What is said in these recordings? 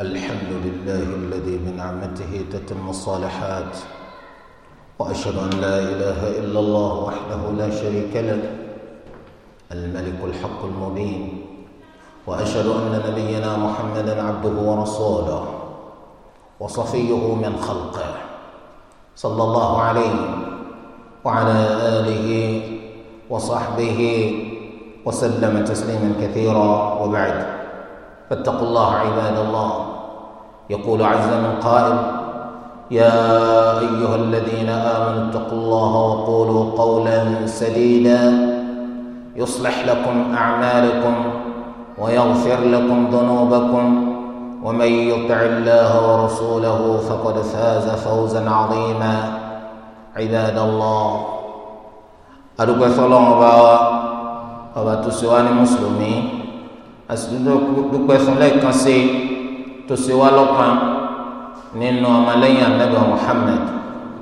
الحمد لله الذي من عمته تتم الصالحات وأشهد أن لا إله إلا الله وحده لا شريك له الملك الحق المبين وأشهد أن نبينا محمدا عبده ورسوله وصفيه من خلقه صلى الله عليه وعلى آله وصحبه وسلم تسليما كثيرا وبعد فاتقوا الله عباد الله يقول عز من قائل يا ايها الذين امنوا اتقوا الله وقولوا قولا سديدا يصلح لكم اعمالكم ويغفر لكم ذنوبكم ومن يطع الله ورسوله فقد فاز فوزا عظيما عباد الله ادعو فلان ọba ọba مسلمين àsìkò dúpẹ́ fún lẹ́ẹ̀kan sí tó ṣe wá lọ́kàn nínú ọmọlẹ́yìn anabi muhammed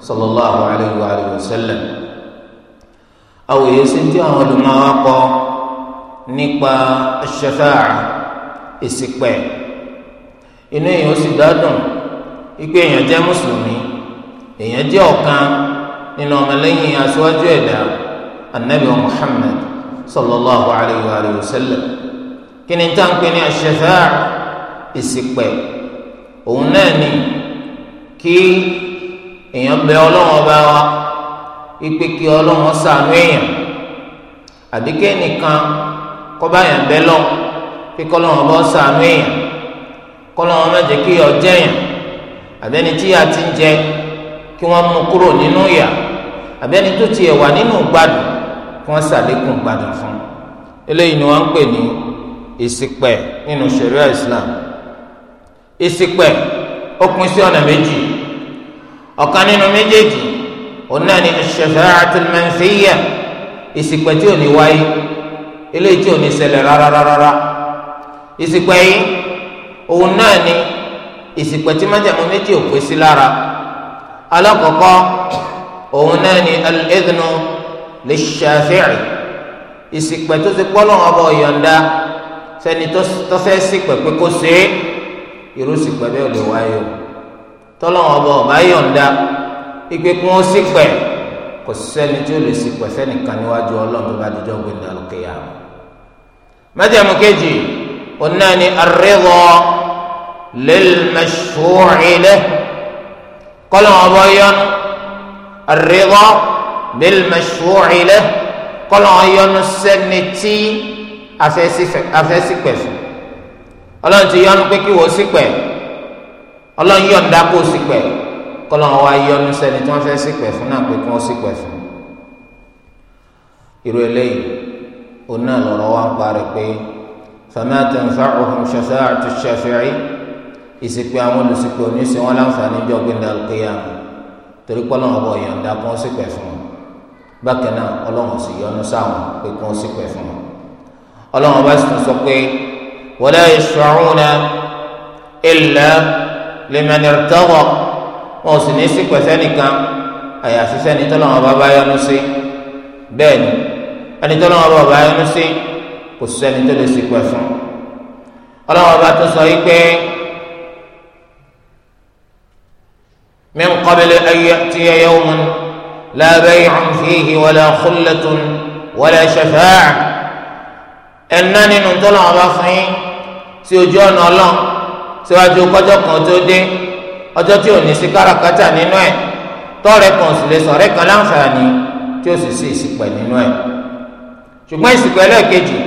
sallallahu alayhi wa sallam àwòye sí tí àwọn olùmọ̀wá kọ nípa ṣẹfẹ́à ìsìpẹ̀ inú èèyàn sì dádùn ipe èèyàn jẹ́ mùsùlùmí èèyàn jẹ́ ọ̀kan nínú ọmọlẹ́yìn aṣáájú ẹ̀dá anabi muhammed sallallahu alayhi wa sallam kí ni tá à ń pè ní ash-shafa'a ìsìpẹ̀ òun náà ni kí èèyàn bẹ ọlọ́run ọba wa ipe kí ọlọ́run ṣàánú èèyàn àbí kí ẹnìkan kọ́ bá yàn bẹ́ lọ kí kọ́lọ́run ọba ṣàánú èèyàn kọ́lọ́run má jẹ́ kí ọjẹ́ yàn àbẹ́ni tí a ti ń jẹ kí wọ́n mú kúrò nínú ìyà àbẹ́ni tó tiẹ̀ wà nínú gbádùn kí wọ́n ṣàlékún gbádùn fún eléyìí ni wọ́n ń pè ní ìṣìpẹ̀ nínú ṣẹ̀ríà islam ìṣìpẹ̀ ó pín sí ọ̀nà méjì ọ̀kan nínú méjèèjì òun náà ni ash-shafa'atul manfiyya ìṣìpẹ̀ tí ò ní wáyé eléyìí tí ò ní ṣẹlẹ̀ rárárárá ìṣìpẹ̀ yìí òun náà ni ìṣìpẹ̀ tí májàmú méjì ò pèsè lára alákọ̀ọ́kọ́ òun náà ni al-idhnu lish-shafi'i tó ti pọ́ lọ́wọ́ ọba ọ̀yọ̀ǹda sẹ́ni tọ́fẹ́ sí pẹ̀pẹ́ kó ṣe é irú sì pẹ̀lú ọ̀lẹ́ wáyé o tọ́lọ́wọ́n ọba ọba yọ̀ǹda ìpè kún ó sì pẹ̀ kò sẹ́ni tí ó lè sì pẹ̀ sẹ́nìkan níwájú ọlọ́run tó bá dijọ́ gbẹ̀dẹ̀ àlùkìyà mẹ́tẹ̀ẹ̀mú kejì òun náà ni àrẹ́wọ̀ ọba yọnu àrẹ́wọ̀ lẹ́lẹ́mẹ̀ṣúrìlẹ́ kọ́lọ́wọ́n yọnu sẹ́ni tí afẹ́ sípẹ̀ fún ọlọ́run ti yọnu pé kí wọ́n sípẹ̀ ọlọ́run yọ̀ǹda kó sípẹ̀ kọ́lọ́run wá yọnu sẹ́ni tí wọ́n fẹ́ sípẹ̀ fún náà pé kí wọ́n sípẹ̀ fún irú eléyìí òun náà lọ́rọ̀ wá ń parí pé fama tanfa'uhum shafa'atu shafi'i ìsìnkú àwọn olùsìnkú oníṣẹ́ wọn láǹfààní jọ gbẹ̀dẹ̀ al-qiyamah torí kọ́lọ́run ọ̀bọ̀ yọ̀ǹda kó sípẹ̀ fún wọn bákan náà ọlọ́run sì yọnu sáwọn pé kó sípẹ̀ fún wọn. ọlọ́run bá sì sọ pé wala yashfa'una illa liman irtada wọn ò sì ní sí pẹ̀sẹ́ nìkan àyàfi sẹ́ni tọ́lọ́run bá bá yọ́nú sí bẹ́ẹ̀ ni ẹni tọ́lọ́run bá bá yọ́nú sí kò sẹ́ni tó lè sí pẹ̀ fún ọlọ́run bá tún sọ yìí pé. من قبل أن يأتي يوم لا بيع فيه ولا خلة ولا شفاعة ẹ̀ná nínú tọ́lọ̀ wọn bá fún yín sí ojú ọ̀nà ọlọ́run síwájú kọjọ́ kan tó dé ọjọ́ tí ò ní sí káràkátà nínú ẹ̀ tọ́ọ̀rẹ́ kan sì lè sọ̀rẹ́ kan láǹfààní tí ó sì sí ìsìpẹ̀ nínú ẹ̀ ṣùgbọ́n ìsìpẹ̀ lẹ́ẹ̀kejì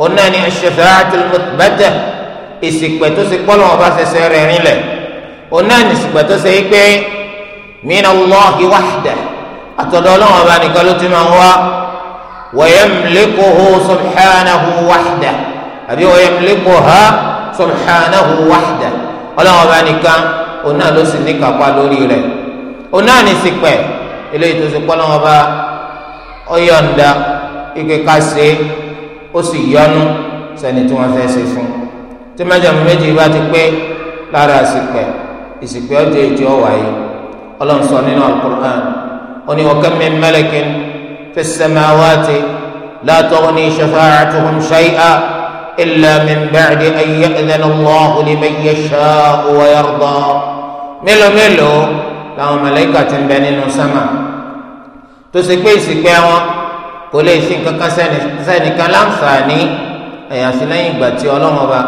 òun náà ni ash-shafa'atul muthbata ìsìpẹ̀ tó ṣe pọ́lọ́ wọn bá ṣẹṣẹ rẹ̀ rinlẹ̀ òun náà ni ìsìpẹ̀ tó ṣe pé min Allahi wahdah àtọ̀dọ̀ ọlọ́run ويملكه سبحانه وحده أبي ويملكها سبحانه وحده ọlọ́run ọba nìkan òun náà ló sì ní kápá lórí rẹ̀ òun náà ní sípẹ̀ eléyìí tó ti pọ́ ọlọ́run ọba ọyọ̀ǹda ike ká ṣe é ó sì yọnu sẹ́ni tí wọ́n fẹ́ ṣe fún tí mẹ́jọ̀mú méjì bá ti pé lára sípẹ̀ ìsìpẹ̀ ọjọ́ ìjọ wáyé ọlọ́run sọ nínú Al-Qur'an ó ní wa kam min malakin. في السماوات لا تغني شفاعتهم شيئا إلا من بعد أن يأذن الله لمن يشاء ويرضى ملو ملو لو ملائكة بنين سما تسكي سكي kò lè ṣe nǹkan kan sẹ́nìkan láǹfààní àyàfi lẹ́yìn ìgbà tí ọlọ́run ọba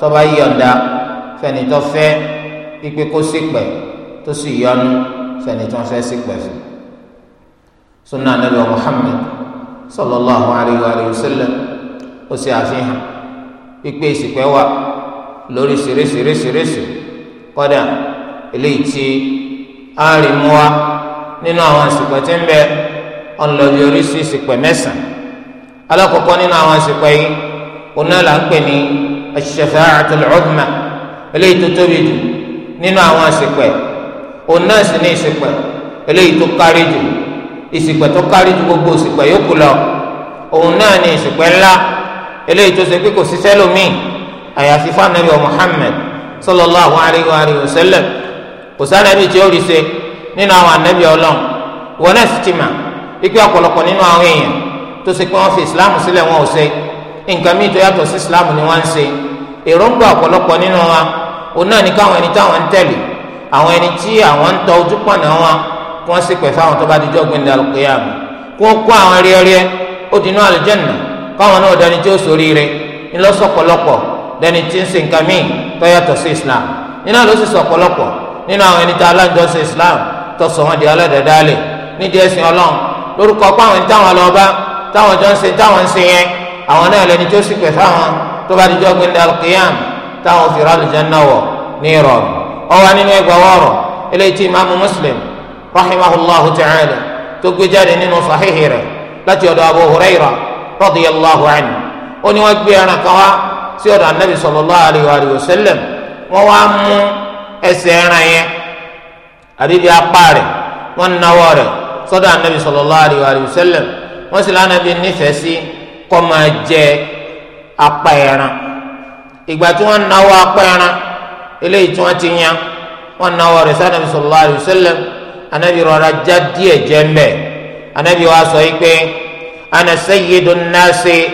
tó bá yọ̀ǹda fẹ́ni tó fẹ́ pípé kó ṣìpẹ̀ tó sì yọ́nú fẹ́ni tó fẹ́ ṣìpẹ̀ fún un sunna anabi wa muhammed sallallahu alayhi wa sallam ó ṣe àfihàn pípé ìsìnkú wa lórí ṣeréṣeréṣeréṣe kọ́dà eléyìí tí a rí mú wa nínú àwọn ìsìnkú tí ń bẹ ọ̀nlọ́bí oríṣi ìsìnkú mẹ́sàn-án alákọ̀ọ́kọ́ nínú àwọn ìsìnkú yìí oná là ń pè ní ash-shafa'atul 'uzma eléyìí tó tóbi jù nínú àwọn ìsìnkú oná sì ní ìsìnkú eléyìí tó kárí jù ìsìpẹ̀ tó kárí ju gbogbo ìsìpẹ̀ yòókù lọ òun náà ni ìsìpẹ̀ ńlá eléyìí tó ṣe pé kò ṣiṣẹ́ lómìn àyàfi fanabi Muhammad sallallahu alayhi wa alayhi wa sallam kò sànàbí tí ó rí ṣe nínú àwọn anabi Ọlọ́run wọn náà sì ti mà ikú ọ̀pọ̀lọpọ̀ nínú àwọn èèyàn tó ṣe pé wọ́n fi islam sílẹ̀ wọn ò ṣe nǹkan míì tó yàtọ̀ sí islam ni wọ́n ń ṣe èròǹgbà ọ̀pọ̀lọpọ̀ nínú wa òun náà ní káwọn ẹni táwọn ń tẹ̀lé àwọn ẹni tí àwọn ń tọ ojú náà wọn kí wọ́n sì pẹ̀ fáwọn tó bá di jọ́gbìn ní alùpùpù kó kó àwọn rẹ́rẹ́ ó di inú àlùjẹ́nà káwọn náà dání tí ó ṣoríire ńlọ́sọ̀pọ̀lọpọ̀ dání tí ń sin nǹkan míì sí islam iná ló sì sọ̀pọ̀lọpọ̀ nínú àwọn ẹni tá a sí islam tó sọ wọn di ọlọ́dẹ̀dálẹ̀ nídìí ẹ̀sìn ọlọ́run lórúkọ páwọn táwọn lọ bá táwọn jọ ń sin táwọn ń sin yẹn àwọn náà lẹni tó sì pẹ̀ fáwọn tó bá di jọ́gbìn ní alùpùpù táwọn fi rálùjẹ́ náà wọ̀ ní ìrọ̀rùn ọwọ́ nínú ẹgbàá wọ̀rọ̀ muslim rahimahullahu ta'ala tó gbé jáde nínú sahihi rẹ̀ láti ọ̀dọ̀ abu huraira radiyallahu anhu ó ní wọ́n gbé ẹran kan wá sí ọ̀dọ̀ anabi sallallahu alayhi wa sallam wọ́n wá mú ẹsẹ̀ ẹran yẹn àdídì apá rẹ̀ wọ́n nawọ́ rẹ̀ sọ́dọ̀ anabi sallallahu alayhi wa sallam wọ́n sì lánàbí nífẹ̀ẹ́ sí kó máa jẹ apá ẹran ìgbà tí wọ́n nawọ́ apá ẹran eléyìí tí wọ́n ti yan wọ́n nawọ́ rẹ̀ sọ́dọ̀ anabi sallallahu alayhi wa sallam anabi rọra já díẹ̀ jẹ́ mbẹ́ anabi wa sọ yìí pé ana sayyidun nasi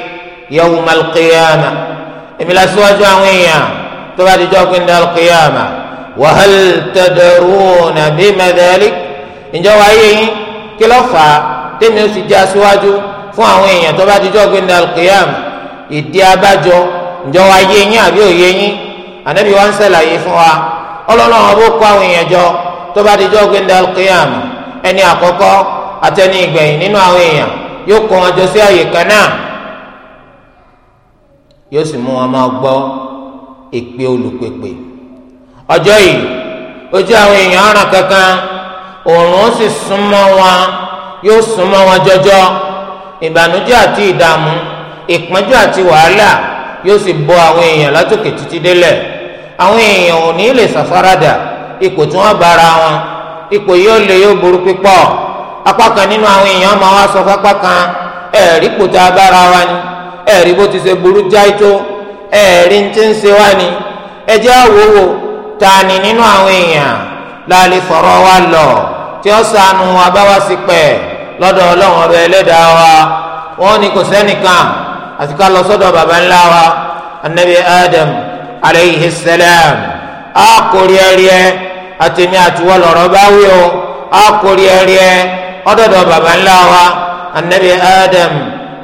yawmal qiyama èmi la síwájú àwọn èèyàn tó bá di jọ́kùn ní alqiyama wa hal tadruna bima dhalik ǹjẹ́ wàá yé yín kí ló fà á tèmi ó sì já síwájú fún àwọn èèyàn tó bá di jọ́kùn ní alqiyama ìdí abájọ ǹjẹ́ wàá yé yín àbí òye yín anabi wa ń ṣàlàyé fún wa ọlọ́run ọ̀bọ̀ kó àwọn èèyàn jọ tó bá di jọ́ gbẹ̀ndà alqiyama ẹni àkọ́kọ́ àtẹni ìgbẹ̀yìn nínú àwọn èèyàn yóò kó wọn jọ sí àyè kan náà yóò sì mú wọn máa gbọ́ èpè olùpèpè ọjọ́ yìí ojú àwọn èèyàn ọ̀ràn kankan òòrùn sì súnmọ́ wọn yóò súnmọ́ wọn jọjọ ìbànújẹ́ àti ìdààmú ìpọ́njú àti wàhálà yóò sì bọ́ àwọn èèyàn látòkè títí délẹ̀ àwọn èèyàn ò ní lè ṣàfaradà ipò tí wọ́n bára wọn ipò yóò lè yóò burú pípọ̀ apá kan nínú àwọn èèyàn máa wá sọ fápá kan ẹ̀rí ipò tá a bára wa ni ẹ̀rí bó ti ṣe burú jáì tó ẹ̀rí ń ti ń ṣe wá ni ẹ jẹ́ àwòwò ta ni nínú àwọn èèyàn la lè wa lọ tí ó sànù abáwá sí pẹ̀ lọ́dọ̀ ọlọ́run ọ̀rọ̀ ẹlẹ́dàá wa wọ́n ní kò sẹ́nìkan àti ká lọ sọ́dọ̀ baba ńlá wa anabi adam aleyhi salam a kò àtẹ̀mí àtiwọ́ lọ́rọ̀ bá wí o akórí ẹ̀rí ẹ ọ̀dọ̀dọ̀ baba ńlá wa anabi adam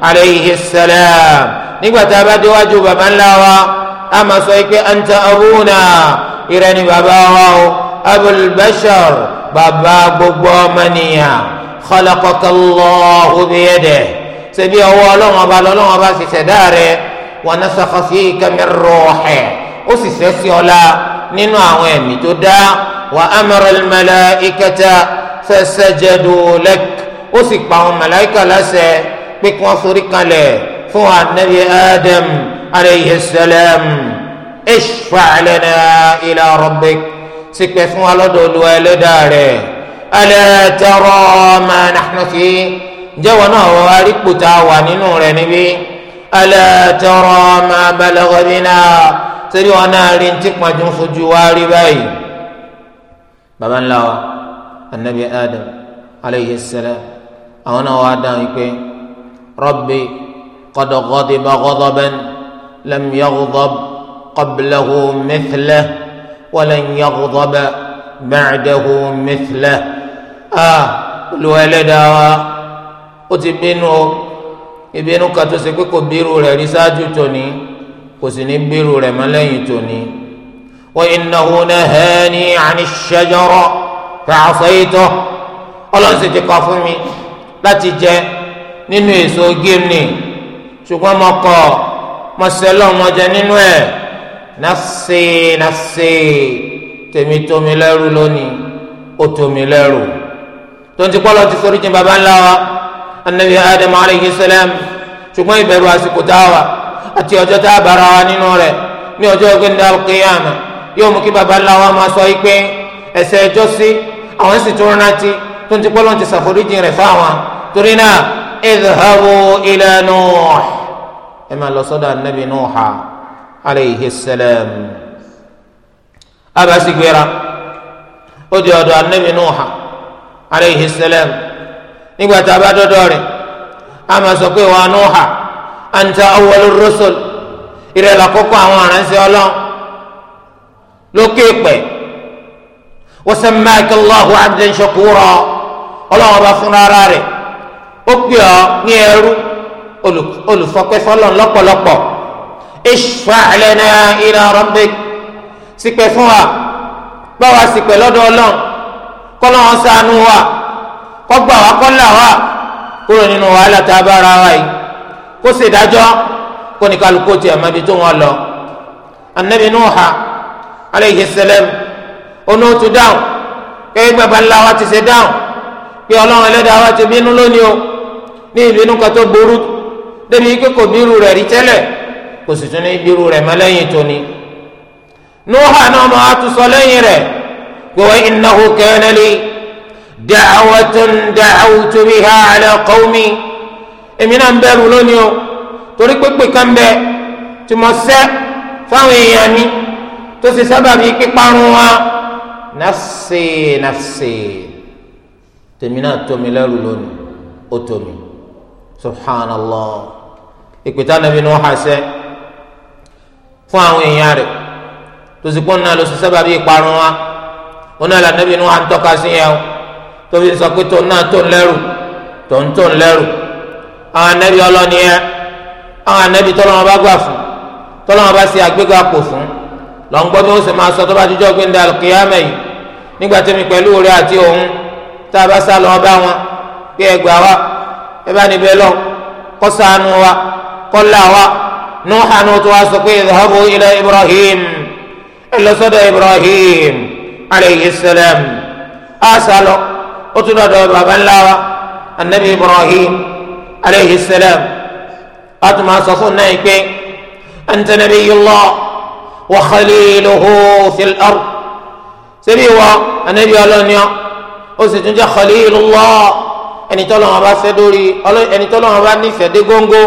aleyhi salam nígbà tá a bá déwájú baba ńlá wa a máa sọ pé anta abuna ìrẹ́ ni baba wa o abul bashar baba gbogbo ọmọnìyàn khalaqakallahu biyadihi ṣebí ọwọ́ ọlọ́run ọba lọ́lọ́run ọba sì ṣẹ̀dá rẹ̀ wa nasakha fika min ruhi ó sì ṣẹ́ ọlá nínú àwọn ẹ̀mí tó dá. وأمر الملائكة فسجدوا لك أسقى ملائكة لسه بك وصرق له فهو النبي آدم عليه السلام اشفع لنا إلى ربك سكبة فهو لدول ولداره ألا ترى ما نحن فيه جوانا وارك بتاوى نور نبي ألا ترى ما بلغ بنا ترى أنا لنتقمة جنس جواري بيه baba ńlá wa anabi adam aleyhi salam àwọn náà wàá dáhùn pé rabbi qad ghadiba ghadaban lam yaghdab qablahu mithlah walan yaghdaba ba'dahu mithlah a ah, lu ẹlẹ́dàá wa ó ti bínú o ìbínú kan tó pé kò bírú rẹ̀ rí ṣáájú tòní kò sì ní bírú rẹ̀ mọ́ lẹ́yìn tòní. وإنه نهاني عن الشجرة فعصيته ọlọ́run sì ti kọ́ fún mi láti jẹ nínú èso gírni ṣùgbọ́n mo kọ̀ mo sẹ́lọ̀ mo jẹ nínú ẹ̀ nàṣe nàṣe tèmi tó mi lẹ́rù lónìí ó tó mi lẹ́rù tó ń ti kọ́ lọ ti sori jìn baba ńlá wa anabi adam aleyhi salam ṣùgbọ́n ìbẹ̀rù àsìkò tá a wà àti ọjọ́ tá a bára wa nínú rẹ̀ ní ọjọ́ gbẹ̀ndé alqiyama yóò mú kí babaláwa máa sọ yìí pé ẹ̀ṣẹ̀ ẹjọ́ sí àwọn sì tún rántí tó ń ti pọ́ lọ́n ti ṣàforíjì rẹ̀ fáwọn torí náà idhabu ila Nuh ẹ máa lọ sọ́dọ̀ anabi Nuha alayhi salam abasi gbéra ó di ọ̀dọ̀ anabi Nuha alayhi salam nígbà tá a bá dọ́dọ̀ rẹ̀ a máa sọ pé wa Nuha anta awwalur rusul ìrẹ̀lẹ̀ àkọ́kọ́ àwọn aránṣẹ́ ọlọ́run lókè pẹ̀ wasamaka Allahu abdan shakura ọlọ́wọ́n bá fúnra ara rẹ̀ ó pè ọ́ ní ẹrú olùfọpẹ́fọ́lọ́n lọ́pọ̀lọpọ̀ ishfa' lana ila rabbik ṣìpẹ̀ fún wa báwa ṣìpẹ̀ lọ́dọ̀ ọlọ́run kọ́lọ́wọ́n ṣàánú wa kọ́gbà wa kọ́là wa kúrò nínú wàhálà tá a bá ara wa yìí kó ṣèdájọ́ kó ní kálukó tiẹ̀ mọ́bi tó wọn lọ anabi nuuha aleyhi sẹlẹm onótú dáhùn kẹ́kẹ́ bàbá ńlá wa ti ṣe dáhùn pé ọlọ́run ẹlẹ́dàá wa ti bínú lónìí o ní ìbínú kan tó burú débi ike kò bírú rẹ̀ rí tẹ́lẹ̀ kò sì tún ní bírú rẹ̀ mọ́ lẹ́yìn tóní. nuuha náà mọ àtúnṣe lẹ́yìn rẹ̀ pé wọ́n innahu kana li da'watun da'awtu biha ala qawmi èmi náà ń bẹ̀rù lónìí o torí pé pé kan bẹ tí mo sẹ́ fáwọn èèyàn mi tó ṣe sábàbí píparun wa nafsi nafsi tèmi náà tómi lẹ́rù lónìí ó tómi subhanallah ìpìtà nàbí Nuh àṣẹ fún àwọn èèyàn rẹ̀ tó sì pọ́n náà ló ṣe sábàbí ìparun wa wọn náà lànàbí Nuh à ń tọ́ka sí yẹn o tó fi sọ pé tòun náà tó ń lẹ́rù tòun tó ń lẹ́rù àwọn anabi ọlọ́ni yẹn àwọn anabi tọ́lọ́mọba gbà fún tọ́lọ́mọba ṣe àgbéga pò fún lọ́ngbọ́ tó sì máa sọ tó bá dijọ́ gbé ndàlù kìyàmẹ́ yìí nígbà tẹ́mi pẹ̀lú rẹ̀ àti òun tá a bá sá lọ bá wọn pé ẹgbàá wa ẹ bá níbẹ̀ lọ kó ṣàánú wa kó là wa nuhanu tó wá sọ pé idhabu ila ibrahim ẹ ibrahim aleyhi a sá lọ ó tún dọ̀dọ̀ baba ńlá wa anabi ibrahim aleyhi a tún máa sọ fún náà pé anta nabiyullah wa khaliluhu fil ard ṣebí wa anabi ọlọ́ni ọ ó sì tún jẹ́ khalilullah ẹni tí Ọlọ́run bá fẹ́ dórí ẹni tí Ọlọ́run bá nífẹ̀ẹ́ dé góńgó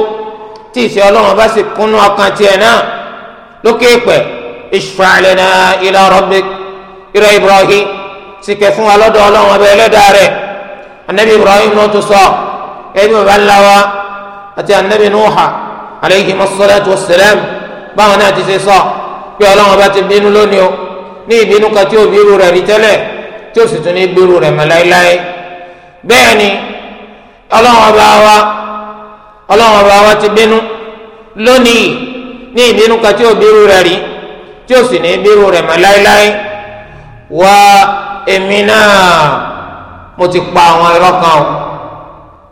tí ìfẹ́ Ọlọ́run bá sì kúnnú ọkàn tiẹ̀ náà lókè pẹ̀ ishfa' lana ila rabbik ila Ibrahim sìkẹ́ fún wa lọ́dọ̀ Ọlọ́run ọba ẹlẹ́dàá rẹ̀ anabi Ibrahim náà tún sọ ẹbí bàbá ńlá wa àti anabi Nuha alayhi masalatu wa salam báwọn náà ti ṣe sọ pé ọlọ́run bá ti bínú lónìí o ní ìbínú kan tí ò bí irú rẹ̀ rí tẹ́lẹ̀ tí ó sì tún ní gbèrú rẹ̀ mọ́ láéláé bẹ́ẹ̀ ni ọlọ́run bá wa ọlọ́run bá wa ti bínú lónìí ní ìbínú kan tí ò bí irú rẹ̀ rí tí ó sì ní gbèrú rẹ̀ mọ́ láéláé wá èmi náà mo ti pa àwọn irọ́ kan o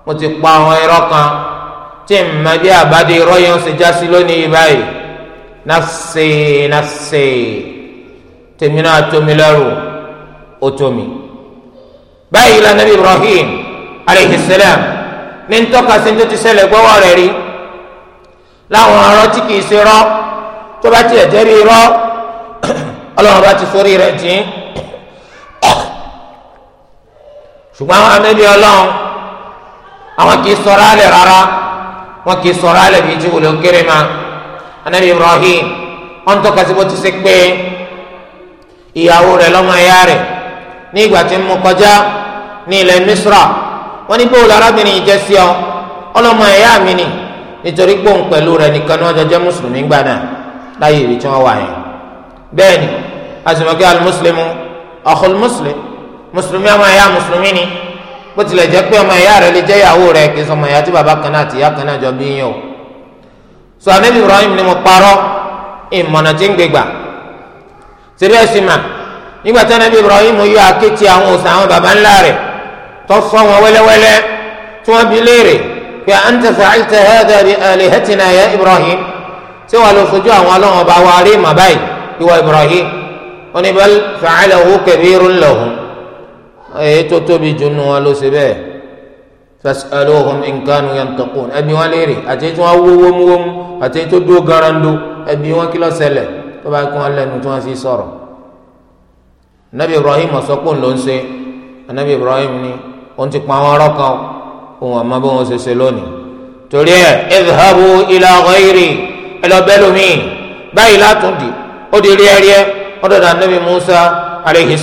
mo ti pa àwọn irọ́ kan tí n mọ bí àbádé irọ́ yẹn ń ṣe já sí lónìí báyìí nafsi nafsi tèmi náà tómi lẹ́rù ó tómi. báyìí la nabi ibrahim aleyhi salam ní ntọ́ka sí tó ti ṣẹlẹ̀ gbọ́wọ́ rẹ̀ rí láwọn ọ̀rọ̀ tí kìí ṣe rọ́ tó bá tiẹ̀ jẹ́ rí rọ́ ọlọ́run bá ti sórí rẹ̀ jìn ṣùgbọ́n àwọn amẹ́bí ọlọ́run àwọn kìí sọ̀rọ̀ alẹ̀ rárá wọn kìí sọ̀rọ̀ alẹ̀ bíi tí wòlé máa anabi ibrahim wọn tọ́ka sí bó ti ṣe pé ìyàwó rẹ̀ lọ́mọ ẹ̀yà rẹ̀ ní ìgbà tí ń mú kọjá ní ilẹ̀ misra wọn ní bóòlù arábìnrin yìí jẹ́ sí ọ ọlọ́mọ ẹ̀yà mi ni nítorí pé òun pẹ̀lú rẹ̀ nìkan ni wọ́n jọ jẹ́ mùsùlùmí gbà náà láyé ìrì tí wọ́n wà yẹn bẹ́ẹ̀ ni asùnmọ̀kẹ́ alimuslimu ọ̀kọ̀lù muslim mùsùlùmí ọmọ ẹ̀yà mùsùlùmí ni bó tilẹ̀ jẹ́ pé ọmọ ẹ̀yà rẹ̀ lè jẹ́ ìyàwó rẹ̀ kì í sọ ọmọ tí bàbá kan náà àti ìyá kan náà jọ bí yín o sọ anabi ibrahim ni mo parọ́ ìmọ̀nà tí ń gbégbà sírí ẹ̀sìn mà nígbà tí anabi ibrahim yọ akéèti àwọn òsàn àwọn baba ńlá rẹ̀ tó sọ wọn wẹ́lẹ́wẹ́lẹ́ tí wọ́n bi léèrè pé anta fa'alta hadha bi alihatina ya ibrahim ṣé wàá lọ sojú àwọn ọlọ́run ọba wa rí màbá yìí ìwọ ibrahim ó ní bal fa'alahu kabirun lahum èyí tó tóbi jù nù wọn ló ṣe bẹ́ẹ̀ fas'aluhum in kanu yantaqun ẹbí wọn léèrè àti tí wọn wó wómúwómú àtẹ̀yìn tó dúró garando ẹbí wọn kí ló ṣẹlẹ̀ tó bá kí wọn lẹ́nu tí wọ́n sì sọ̀rọ̀ anabi ibrahim ọ̀sọ́pọ̀ ló ń ṣe anabi ibrahim ni òun ti pa àwọn ọ̀rọ̀ kan òun àmọ́ bí wọ́n ṣe ṣe lónìí torí ẹ idhabu ila ghayri ẹ lọ bẹ́ẹ̀ lómi báyìí látún di ó di rí ẹrí ẹ anabi musa aleyhi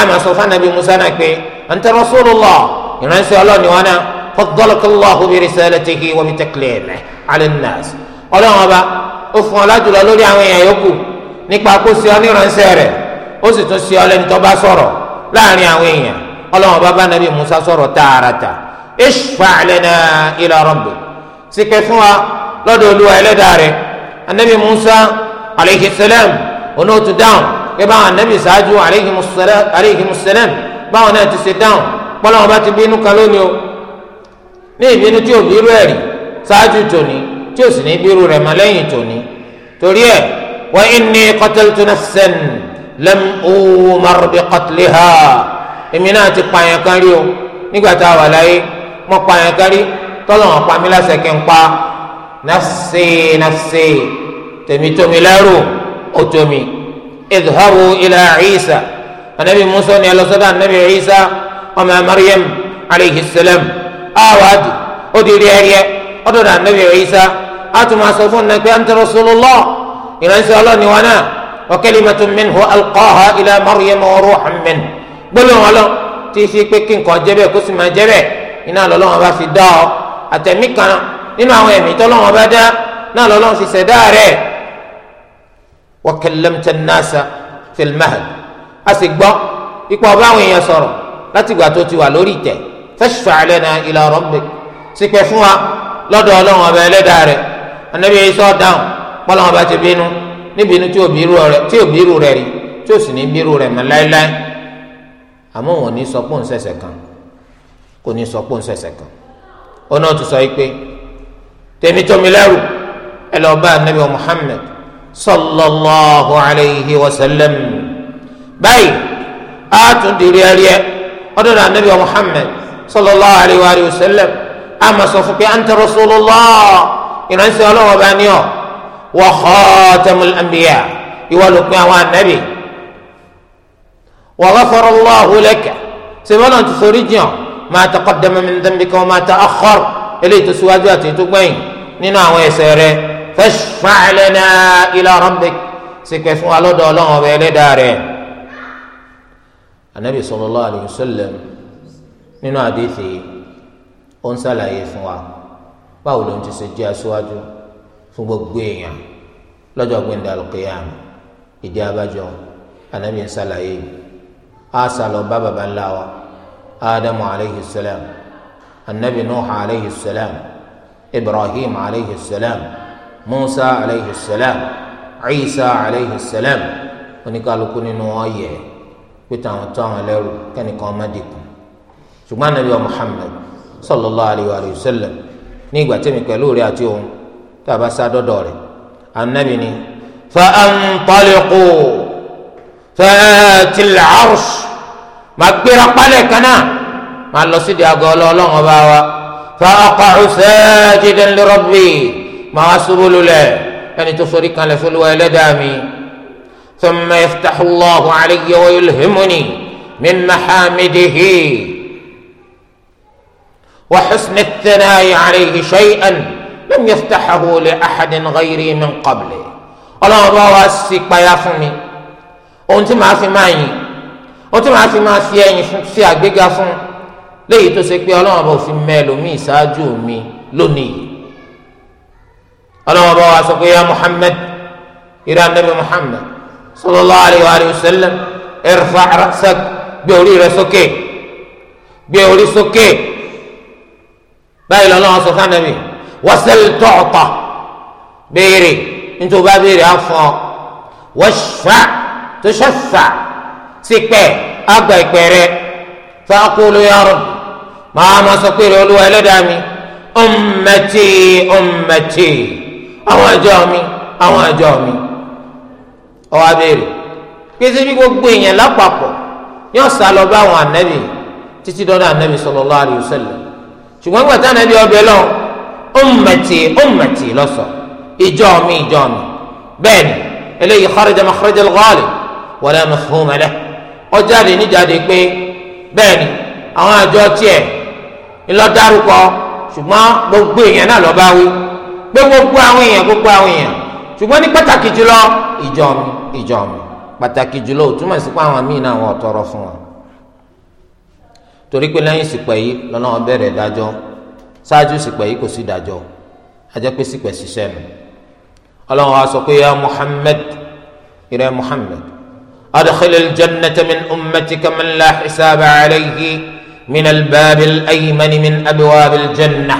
àmọ́ sọ fún anabi musa náà pé anta rasulullah ìránṣẹ́ ọlọ́ọ̀ni wọn náà faddalaka Allahu bi risalatihi wa bi taklimihi ala an-nas ọlọ́run ọba ó fún ọ lájùlọ lórí àwọn èèyàn yòókù nípa kó sí ọ níránṣẹ́ rẹ̀ ó sì tún sí ọ lẹ́ni tó bá sọ̀rọ̀ láàrin àwọn èèyàn ọlọ́run ọba bá nàbí Musa sọ̀rọ̀ tààràtà ishfa' lana ila rabbik síkẹ́ fún wa lọ́dọ̀ olúwa ẹlẹ́dàá rẹ̀ anabi Musa alayhi salam onótú dáhùn kí báwọn anabi ṣáájú alayhi salam báwọn náà ti ṣe dáhùn pọ́lọ́wọ́n bá ti bínú kan o ní ìbínú tí òbí rú ẹ̀rí ṣáájú tòní tí ó sì ní bírú rẹ̀ mọ́ lẹ́yìn tòní torí ẹ̀ wa inni qataltu nafsan lam umar bi qatliha èmi náà ti pààyàn kan rí o nígbà tá a wà láyé mo pààyàn kan rí tọ́lọ̀ wọn pa mí láṣẹ kí n pa nafsi nafsi tèmi tómi lẹ́rù ó tómi idhabu ila Isa anabi musa ni alọ́sọ́dọ̀ anabi Isa ọmọ Maryam alayhi salam awad ó di rí anabi Isa a tún máa sọ fún un pé anta rasulullah ìránṣẹ́ ọlọ́ọ̀ni wa náà wa kalimatun minhu alqaha ila maryam wa ruhun minhu gbólóhùn ọlọ́ tí í ṣe pé kí nǹkan jẹ́ bẹ́ẹ̀ kó sì máa jẹ́ bẹ́ẹ̀ iná lọ́lọ́wọ́n bá fi dá ọ àtẹ̀mí kan nínú àwọn ẹ̀mí tọ́lọ́wọ́n bá dá náà lọ́lọ́wọ́n sì ṣẹ̀dá rẹ̀ wa kallamta an-nasa fil mahd a sì gbọ́ ipò ọba àwọn èèyàn sọ̀rọ̀ láti ìgbà tó ti wà lórí ìtẹ̀ ila rabbik sì fún wa lọ́dọ̀ ọlọ́wọ́n ọba ẹlẹ́dàá rẹ̀ anabi Isa dáhùn kpọ́lọ́ wọn bá ti bínú níbi inú tí ò bírú rẹ̀ rí tí ò sì ní bírú rẹ̀ mọ́ láéláé àmọ́ wọn ní sọ pé òun ṣẹ̀ṣẹ̀ kan kò ní sọ pé òun kan ó náà sọ yìí pé tèmi tó mi lẹ́rù ẹ lọ bá anabi Muhammad sallallahu alayhi wa sallam báyìí a tún di rí ẹrí ẹ ọdún náà anabi Muhammad sallallahu alayhi wa sallam a máa sọ fún pé anta rasulullah ìránṣẹ́ Ọlọ́run ọba ní ọ wa khatamul anbiya ìwọ ló pin àwọn ànábì wa ghafara Allahu laka sèbọnà ti sori jìn ọ ma taqaddama min dhanbika wa ma ta'akhkhar eléyìí tó síwájú àti tó gbẹ̀yìn nínú àwọn ẹ̀ṣẹ̀ rẹ̀ fashfa' lana ila rabbik fún wa lọ́dọ̀ Ọlọ́run ọba rẹ̀ anabi sallallahu alayhi wa nínú àdéhìí ó ń sàlàyé fún wa báwo ló ń ti ṣe jẹ́ aṣáájú fún gbogbo èèyàn lọ́jọ́ gbẹ̀ndà lùkìyàm ìdí abájọ anabi nsàlàyé àṣà lọ bá baba ńlá wa ádámù aleyhi sàlám anabi nuuxa aleyhi sàlám ibrahim aleyhi sàlám musa aleyhi sàlám ciisa aleyhi sàlám oníkàlùkù nínú ọyẹ pété àwọn tó àwọn lẹ́rù kẹ́nìkan má dìkú ṣùgbọ́n anabi wa muhammad sallallahu alayhi wa sallam ní ìgbà tẹ̀mí pẹ̀lú rẹ̀ àti òun tá a bá sá dọ́dọ̀ rẹ̀ anabi ni fa antaliqu fẹ́ẹ́tì làárùs máa gbéra pálẹ̀ kaná máa lọ sídìí àgọ́ ọlọ́run ọba wa fa aqa'u sajidan li rabbi máa ṣubú ẹni tó forí kanlẹ̀ fúluwa ẹlẹ́dàá mi thumma yaftahu Allahu alayya wa yulhimuni min mahamidihi. وحسن الثناء عليه شيئا لم يفتحه لأحد غيري من قبلي الله ما واسك بيا فمي أنت ما في معي أنت ما في ما في أي شيء أبيك فم لي تسك بيا الله ما في ملو مي ساجو مي لوني الله ما واسك يا محمد إلى النبي محمد صلى الله عليه وآله وسلم ارفع رأسك بيولي رأسك بيولي رأسك báyìí lọ́lọ́wọ́ sọ fún anabi wasal tu'ta béèrè nítorí o bá béèrè afọ washfa' tushaffa' sípẹ́ àgbà ìpẹ́ rẹ faqulu ya Rabb màá ma sọ pé olúwa ẹlẹ́dàá mi ummati ummati àwọn àjọ mi àwọn àjọ mi ọwọ́ abéèrè pèsè bí gbogbo èèyàn lápapọ̀ yóò sá lọ bá àwọn ànábì títí dọ́dọ̀ ànábì sallallahu alaihi ṣùgbọ́n gbàtà nàbí ọbẹ̀ lọ ummati ummati lọ́sọ̀ ìjọ mi ìjọ mi bẹ́ẹ̀ ni eléyìí kharaja makhraja al-ghalib wala mafhuma lahu ọjáde níjáde pé bẹ́ẹ̀ ni àwọn àjọ tiẹ̀ ńlọdárúkọ ṣùgbọ́n gbogbo èèyàn náà lọ́ba wí pé gbogbo àwọn èèyàn gbogbo àwọn èèyàn ṣùgbọ́n ní pàtàkì jùlọ ìjọ mi ìjọ mi pàtàkì jùlọ òtúmọ̀ sí pé àwọn míì náà wọ́n tọrọ fún wọn torí pé lẹ́yìn ìsìpẹ̀ yìí lọ́nà ọbẹ̀rẹ̀ dájọ́ ṣáájú ìsìpẹ̀ yìí kò sí dájọ́ ajẹ́ pé ìsìpẹ̀ ṣiṣẹ́ mi ọlọ́run wa sọ pé ya muhammed ìrẹ́ muhammed adkhilil jannata min ummatika man la hisaaba alayhi min albaabil aymani min abiwaabil janna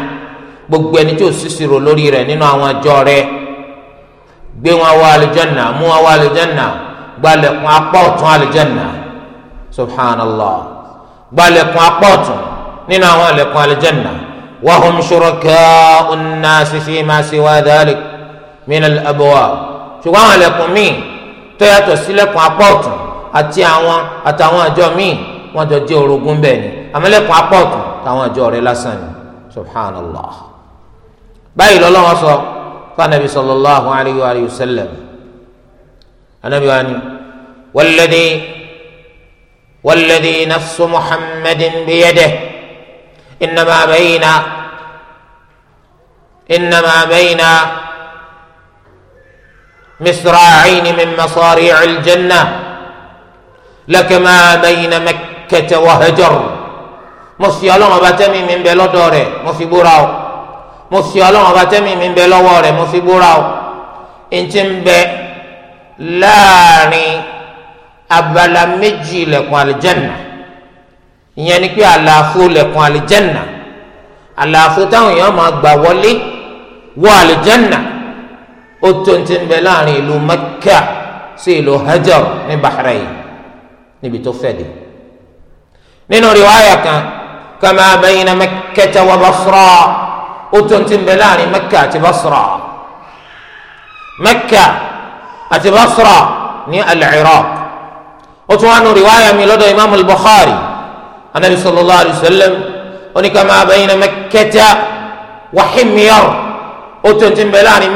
gbogbo ẹni tí ó ṣíṣirò lórí rẹ̀ nínú àwọn àjọ rẹ̀ gbé wọn wá alìjẹ́nà mú wọn wá alìjẹ́nà gbalẹ̀kùn apá ọ̀tún alìjẹ́nà subhanallah gbalẹ̀kùn apá ọ̀tún nínú àwọn ẹlẹ́kùn aljanna wa hum shuraka'u an-nasi fima siwa dhalik min al-abwab ṣùgbọ́n àwọn ẹlẹ́kùn míì tó yàtọ̀ sílẹ̀kùn apá ọ̀tún àti àwọn àtàwọn àjọ míì wọ́n jọ jẹ́ orogún bẹ́ẹ̀ ni àmọ́lẹ́kùn apá ọ̀tún táwọn àjọ rẹ̀ lásán ni subhanallah báyìí lọ́lọ́wọ́ sọ fanabi sallallahu alayhi wa sallam anabi wa ni wàlladé. والذي نفس محمد بيده إنما بين إنما بين مصراعين من مصاريع الجنة لكما بين مكة وهجر موسي الله باتمي من بلو دوري موسي بوراو موسي الله باتمي من بلو دوري موسي بوراو انتم بلاني abala méjì ilẹ̀kùn alìjẹ́nà ìyẹn ni pé àlàfo ilẹ̀kùn alìjẹ́nà àlàfo táwọn èèyàn máa gbà wọlé wọ alìjẹ́nà ó tó ń ti ń bẹ láàrin ìlú Mẹ́kà sí ìlú Hajar ní Bahrain níbi tó fẹ̀ dé nínú riwaayà kan kama bayna Makkata wa Basra ó tó ń ti ń bẹ láàrin Mẹ́kà àti Basra Mẹ́kà àti Basra ní al ó tún wá nu riwaya mi lọ́dọ̀ imaamu al-bukhari anabi sallallahu alayhi wa sallam ó ní kama bayna makkata wa himyar ó tó ti ń bẹ láàrin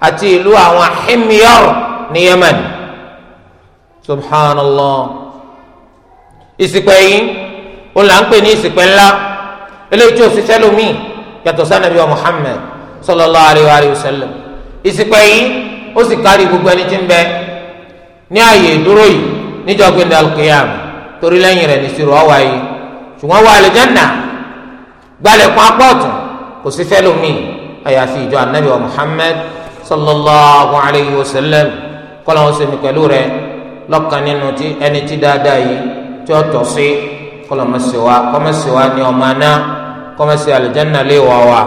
àti ìlú àwọn himyar ní yemen subhanallah ìsìpẹ́ yìí ó là ń pè ní ìsìpẹ́ ńlá eléyìí tí ó ṣiṣẹ́ lómi yàtọ̀ sànàbí wa muhammad sallallahu alayhi wa sallam ìsìpẹ́ yìí ó sì kárí gbogbo ẹni tí ń bẹ ní ààyè ìdúró yìí níjọ́ gbẹ̀ndẹ̀ alukiyam torí lẹ́yìn rẹ̀ nìṣirò ọ̀wá yìí ṣùgbọ́n wà àlùjánnà gbalẹ̀kùn apọ́ọ̀tù kò sí fẹ́ lómi àyàfi ìjọ anabi wa muhammad sallallahu alayhi wa sallam kọ́lá wọn sẹ́mi pẹ̀lú rẹ̀ lọ́kàn nínú ẹni tí dáadáa yìí tí ó tọ́ sí kọ́lá mọ̀síwá kọ́mọ̀síwá ni ọmọ aná kọ́mọ̀sí àlùjánnà lè wà wá.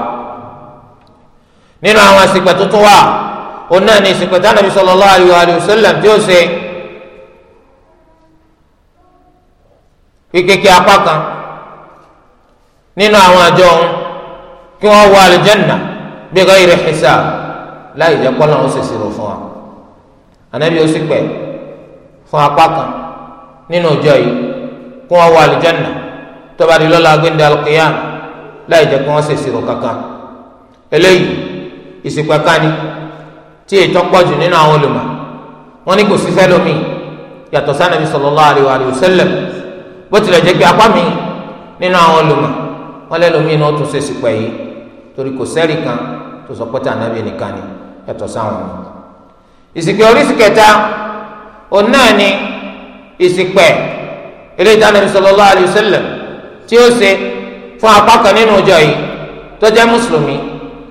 nínú àwọn àsìkò tuntun wa òun ni ìsìnkú tí anabi sallallahu alayhi wa sallam tí ó ṣe. kékeré apá kan nínú àwọn àjọ òun kí wọ́n wọ alìjẹ́nà bí ẹ̀ka yìí rẹ̀ xìṣà láì jẹ́ kọ́ náà ó sì ṣírò fún wa ànábi ó sì pẹ̀ fún apá kan nínú ọjọ́ yìí kí wọ́n wọ alìjẹ́nà tó di lọ́la gbẹ̀ndẹ̀ alùkìyàn láì jẹ́ kí wọ́n sì ṣírò kankan eléyìí ìsìpẹ̀kani tí ètò pọ̀jù nínú àwọn olùmọ̀ wọn ní kò sí sẹ́lómi yàtọ̀ sanabi sallallahu alaihi wa sallam bó tilẹ̀ jẹ́ pé apá mi nínú àwọn olùmọ̀ wọn lẹ́lòmíì náà tún ṣe sípẹ́ yìí torí kò sẹ́rì kan tó sọ pé tànàbí nìkan ni ẹ̀tọ́ sáwọn mi. ìsìnkú oríṣi kẹta òun náà ni ìsìnkpẹ́ eré ìdáná sallallahu alayhi sallam tí ó ṣe fún apá kan nínú ọjọ́ yìí tó jẹ́ mùsùlùmí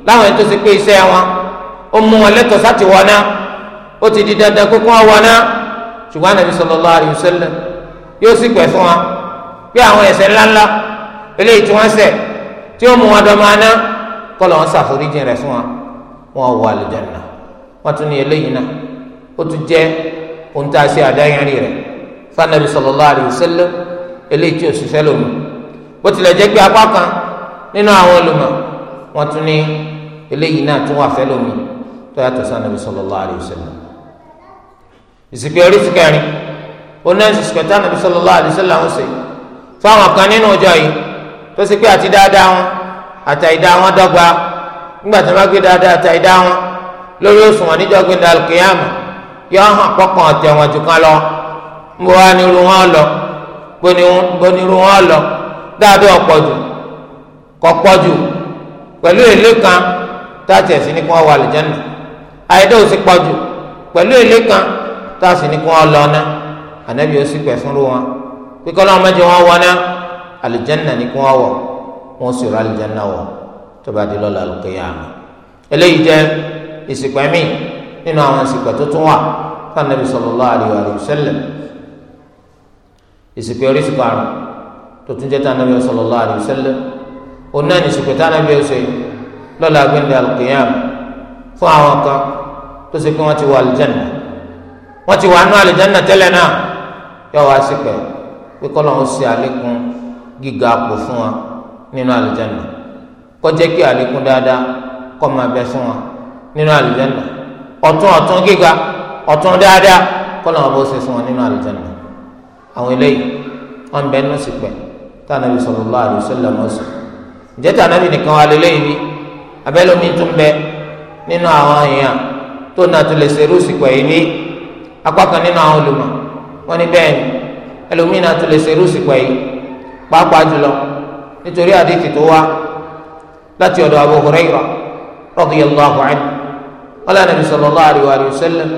láwọn ètò ṣe pé iṣẹ́ wọn ó mú wọn lẹ́tọ̀ọ́ sáti ó ti di dandan kókó wọn wọná ṣùgbọ́n Ànábì sallam yóò sì pẹ̀ fún wa pé àwọn ẹ̀ṣẹ̀ ńláńlá eléyìí tí wọ́n ṣẹ̀ tí ó mú wọn dọ́ máa ná kọ́ lọ́n ṣàforíjì rẹ̀ fún wa wọn wọ àlùjáná wọn tún ní eléyìí náà ó tún jẹ́ ohun tá a ṣe àdáyẹnrí rẹ̀ fanabi sallallahu alayhi wa eléyìí tí ò ṣiṣẹ́ lómi bó tilẹ̀ jẹ́ pé apá kan nínú àwọn olùmọ̀ wọn tún ní eléyìí náà tún wà fẹ́ lómi tó yàtọ̀ sanabi sallallahu alayhi wa ìsìnkú oríṣi kẹrin onáyẹsì sùkọtà nàbí sallallahu alaihi wasallam ń sè fáwọn kan nínú ọjọ́ yìí tó ṣe pé àti dáadáa wọn àtàìdá wọn dọ́gba nígbà tí wọn bá gbé dáadáa àtàìdá wọn lórí òṣùwọ̀n níjọ́ gbé dàlùkìyàmù yọ hàn kọkàn ọ̀tẹ̀ wọn jù kan lọ ń bọ wá nírú wọn lọ gbónirú wọn lọ dáadáa ọ̀pọ̀jù kọ̀pọ̀jù pẹ̀lú èlé kan táàtì ẹ̀sìn ní kí wọ́n wà lìjánà àìdá òsì pọ̀jù pẹ̀lú èlé kan táàtì ní kí wọ́n lọ náà anabi ó sì pẹ̀ fúnrú wọn pé kọ́lá wọn mẹ́jọ wọn wọná alìjẹ́nà ni kí wọ́n wọ̀ wọ́n sì rọ alìjẹ́nà wọ̀ tó bá di lọ́la al-qiyama eléyìí jẹ́ ìsìnkú ẹ̀mí nínú àwọn ìsìnkú tó tún wà fún anabi sallallahu alayhi wa sallam ìsìnkú oríṣi karùn tó tún jẹ́ tànàbí sallallahu alayhi wa sallam òun náà ní ìsìnkú tànàbí ọ̀sẹ̀ lọ́la gbẹ̀ndẹ̀ al fún àwọn kan tó ṣe pé wọ́n ti wọ alìjẹ́nà wọ́n ti wà nú alìjẹ́nà tẹ́lẹ̀ náà yọ wá sí pẹ̀ pé kọ́ lọ́wọ́ sí àlékún gíga àpò fún wa nínú àlùjánnà kó jẹ́ kí àlékún dáadáa kọ́ máa bẹ fún wa nínú àlùjánnà ọ̀tún ọ̀tún gíga ọ̀tún dáadáa kọ́ bó ṣe fún wa nínú àlùjánnà àwọn eléyìí wọn bẹ nínú sí pẹ̀ tá a nàbì sallallahu alaihi wasallam ọ̀sán ǹjẹ́ tá a nàbì nìkan wà lélẹ́yìn ni abẹ́lómi tún bẹ nínú àwọn èèyàn tó nà tún lè ṣerú sí pẹ̀ yìí ní apá kan nínú àwọn olùmọ̀ wọn ní bẹ́ẹ̀ ni ẹlòmínà tó lè ṣe irúsì pẹ̀ yìí pàápàá jùlọ nítorí àdéhìí tó wá láti ọ̀dọ̀ Abu Hurairah radiyallahu anhu wala nabi sallallahu alayhi wa sallam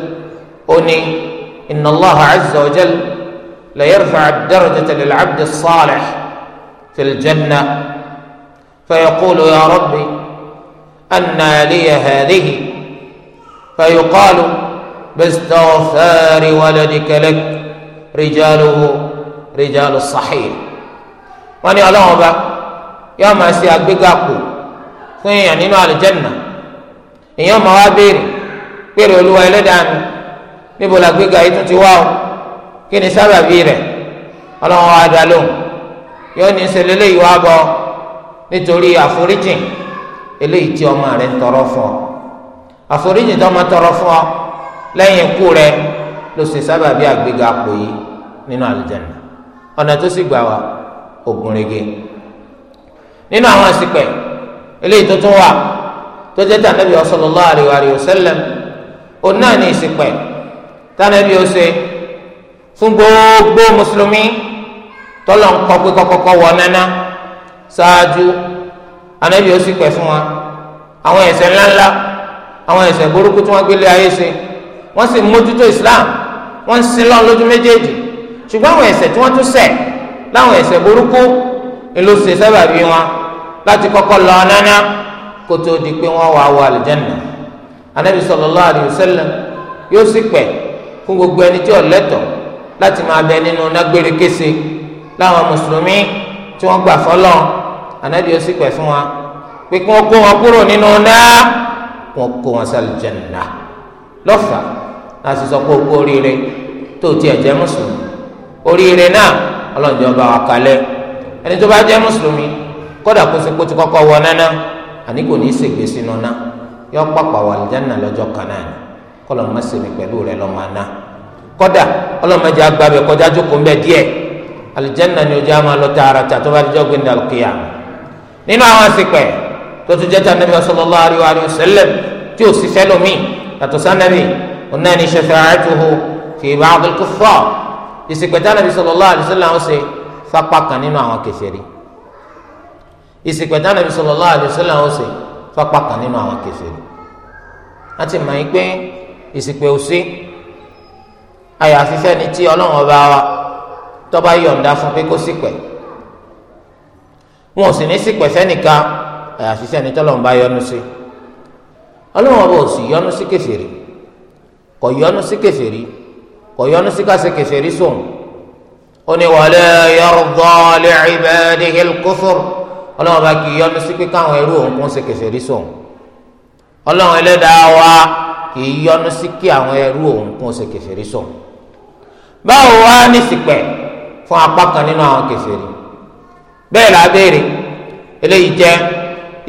ó ní inna Allaha azza wa jalla la yarfa'u ad-darajata lil-'abdi as-salih fi al-jannah fayaqulu ya rabbi anna li hadhihi fayuqalu باستغفار ولدك لك rijaluhu rijalu sahih wọ́n ní ọlọ́run ọba yóò máa ṣe àgbégàpò fún èèyàn nínú àlùjẹ́nà èèyàn máa wá béèrè béèrè olúwa ẹlẹ́dàá mi níbo la gbéga yìí tún ti wá o kí ni sábàbí rẹ̀ ọlọ́run wa dá lóhùn yóò ní ṣe lélẹ́yìí wá bọ́ nítorí àforíjìn eléyìí tí ọmọ rẹ̀ ń tọrọ fún ọ àforíjìn tó máa tọrọ fún ọ lẹ́yìn ikú rẹ̀ ló ṣe sábàbí àgbéga àpò yìí nínú àlùjánnà ọ̀nà tó sì gbà wá ògùn rege nínú àwọn àsìpẹ̀ eléyìí tó tún wà tó jẹ́ tànàbí sallallahu alaihi wa sallam òun náà ní ìsìpẹ̀ tànàbí ó ṣe fún gbogbo mùsùlùmí tọ́lọ̀ ń kọ́ pé kọ́kọ́kọ́ wọ nánà ṣáájú ànábì ó sì pẹ̀ fún wa àwọn ẹ̀ṣẹ̀ ńláńlá àwọn ẹ̀ṣẹ̀ burúkú tí wọ́n gbélé ayé ṣe wọ́n sì mójútó Islam wọ́n ń sin lọ́n lójú méjèèjì ṣùgbọ́n àwọn ẹ̀ṣẹ̀ tí wọ́n tún ṣẹ̀ láwọn ẹ̀ṣẹ̀ burúkú ni ló ṣe sábàbí wọn láti kọ́kọ́ lọ nánà kó tó di pé wọ́n wà wọ àlùjánnà anabi sallallahu alayhi wa sallam yóò sì pẹ̀ fún gbogbo ẹni tí ó lẹ́tọ̀ọ́ láti máa bẹ nínú nágbére kése láwọn mùsùlùmí tí wọ́n gbà fọ́lọ́ anabi yóò sì pẹ̀ fún wa pé kí wọ́n kó wọn kúrò nínú náà wọ́n kó wọn sí àlùjánnà lọ́fà láti sọ pé ó kú oríire tó tiẹ̀ jẹ́ mùsùlùmí oríire náà ọlọ́njẹ́ ọba wa kalẹ̀ ẹni tó bá jẹ́ mùsùlùmí kódà kó ṣe kó ti kọ́kọ́ wọ náná àní kò ní í ṣègbè sínú ná yọ pàpà wà lìjánà lọ́jọ́ kan náà ni kọ́lọ́ má ṣe mi pẹ̀lú rẹ lọ́ máa ná kódà ọlọ́mọdé agbábẹ́ kọjá jókòó ń bẹ díẹ̀ alìjánà ni ojú àmà lọ tààràtà tó bá dijọ́ gbẹ̀ndà lùkìyà nínú àwọn àsìpẹ́ tó tún jẹ́ tànàbí sallallahu alaihi wa sallam tí ò sì fẹ́ lómi yàtọ̀ sànàbí onáni shafa'atuhu fi ba'd al-kuffar ìsìnkpẹ̀tà nàbì sallallahu alaihi wasallam ṣe sápá kan nínú àwọn kèfèrí ìsìnkpẹ̀tà nàbì sallallahu alaihi wasallam ṣe sápá kan nínú àwọn kèfèrí láti mọ̀ yín pé ìsìnkpẹ̀ òsì àyàfi fẹ́ni tí ọlọ́run ọba wa tó bá fún pé kó ṣìpẹ̀ wọn sì ní ṣìpẹ̀ fẹ́nìkan àyàfi fẹ́ni tọ́lọ́run bá yọ́nú sí ọlọ́run ọba ò sì yọ́nú sí kèfèrí kò yọ́nú sí kèfèrí kò yọnu sí kásì kèfèrí sóun ó ní wala yarda li ibadihi al-kufr ọlọ́run bá kì í yọnu sí pé káwọn ẹrú òun kún sí kèfèrí sóun ọlọ́run ẹlẹ́dàá wa kì í yọnu sí kí àwọn ẹrú òun kún sí kèfèrí sóun báwo wá ní ṣìpẹ̀ fún apá nínú àwọn kèfèrí bẹ́ẹ̀ la béèrè eléyìí jẹ́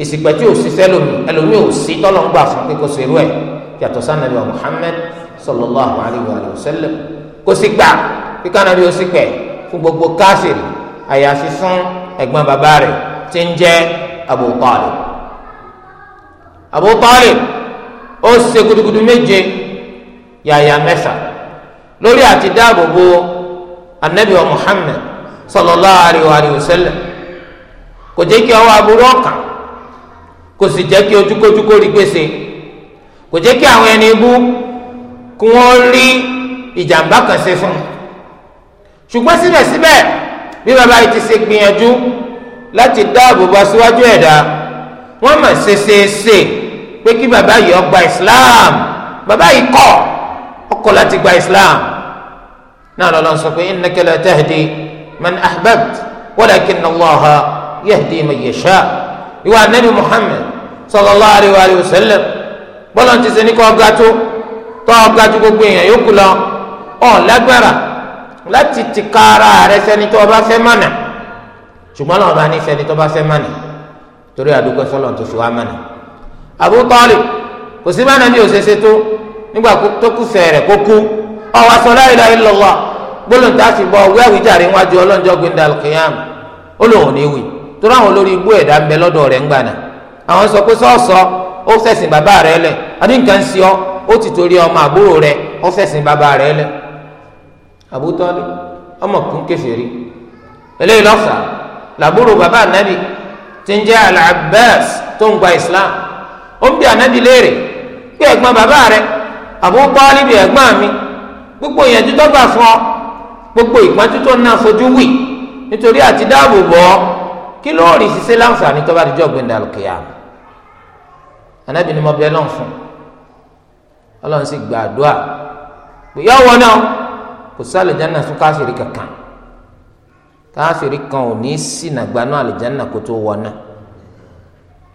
ìṣìpẹ̀ tí ò sí sẹ́lómi ẹlòmíì ò sí tọ́lọ́ ń gbà fún pé kó ṣerú yàtọ̀ sànàbí wa Muhammad sallallahu alayhi wa sallam kò sí gbà kí kánàbí ó sì pẹ̀ fún gbogbo káàsìrì àyàfi fún ẹ̀gbọ́n bàbá rẹ̀ tí ń jẹ́ Abu Talib Abu Talib ó ṣe gudugudu méje yàyà mẹ́sà lórí àti dáàbò bo anabi wa Muhammad sallallahu alayhi wa sallam kò jẹ́ kí ọwọ́ aburú ọ̀kan kò sì jẹ́ kí ojúkójú kó rí gbèsè kò jẹ́ kí àwọn ẹni bú kí wọ́n rí ìjàmbá kan ṣe fún un ṣùgbọ́n síbẹ̀síbẹ̀ bí bàbá yìí ti ṣe gbìyànjú láti dáàbò bá síwájú ẹ̀dá wọ́n mà ṣe ṣe ṣe pé kí bàbá yìí ó gba Islam bàbá yìí kọ̀ ó láti gba Islam náà lọ́lọ́ sọ pé innaka la tahdi man ahbabta walakinna Allaha yahdi man yasha ìwà nabi Muhammad sallallahu alayhi wa sallam bọ́lá ti ṣe ní kọ́ gàtó. tọ́ ọ̀gá ju gbogbo èèyàn yókù lọ ọ̀ lágbára láti ti ka ara rẹ sẹ́ni tó o bá fẹ́ mànà ṣùgbọ́n náà bá ní sẹ́ni tó o bá fẹ́ mànà torí àdúgbò sọ́lọ̀ tó fi wá mànà. Abu Talib kò sí bá nàbí òṣèṣe tó nígbà tó kù kó kú sọ sọ pé sọ́ọ̀sọ́ ó bàbá rẹ̀ lẹ̀ adínkà ń si ó ti torí ọmọ àbúrò rẹ̀ ó fẹ̀sìn bàbá rẹ̀ lẹ̀ Abu Talib ọmọ kún kèfèrí eléyìí lọ́fà làbúrò bàbá ànábì tí ń jẹ́ Al-Abbas tó ń gba Islam ó ń bi ànábì léèrè pé ẹ̀gbọ́n bàbá rẹ̀ Abu Talib bí ẹ̀gbọ́n mi gbogbo ìyẹ̀jú tó gbà fún ọ gbogbo ìpọ́njú tó náà fojú wì nítorí àti dáàbò bọ́ kí ló rí ṣiṣẹ́ láǹfààní tó bá di jọ́ gbẹ̀ndàlùkìyà ànábì ni mo bẹ lọ́n fún un ọlọ́run sì gba àdúrà pé yọ wọ náà kò sí àlùjáná tún káfíìrì kankan káfíìrì kan ò ní í sí nàgbánú àlùjáná kó tó wọ náà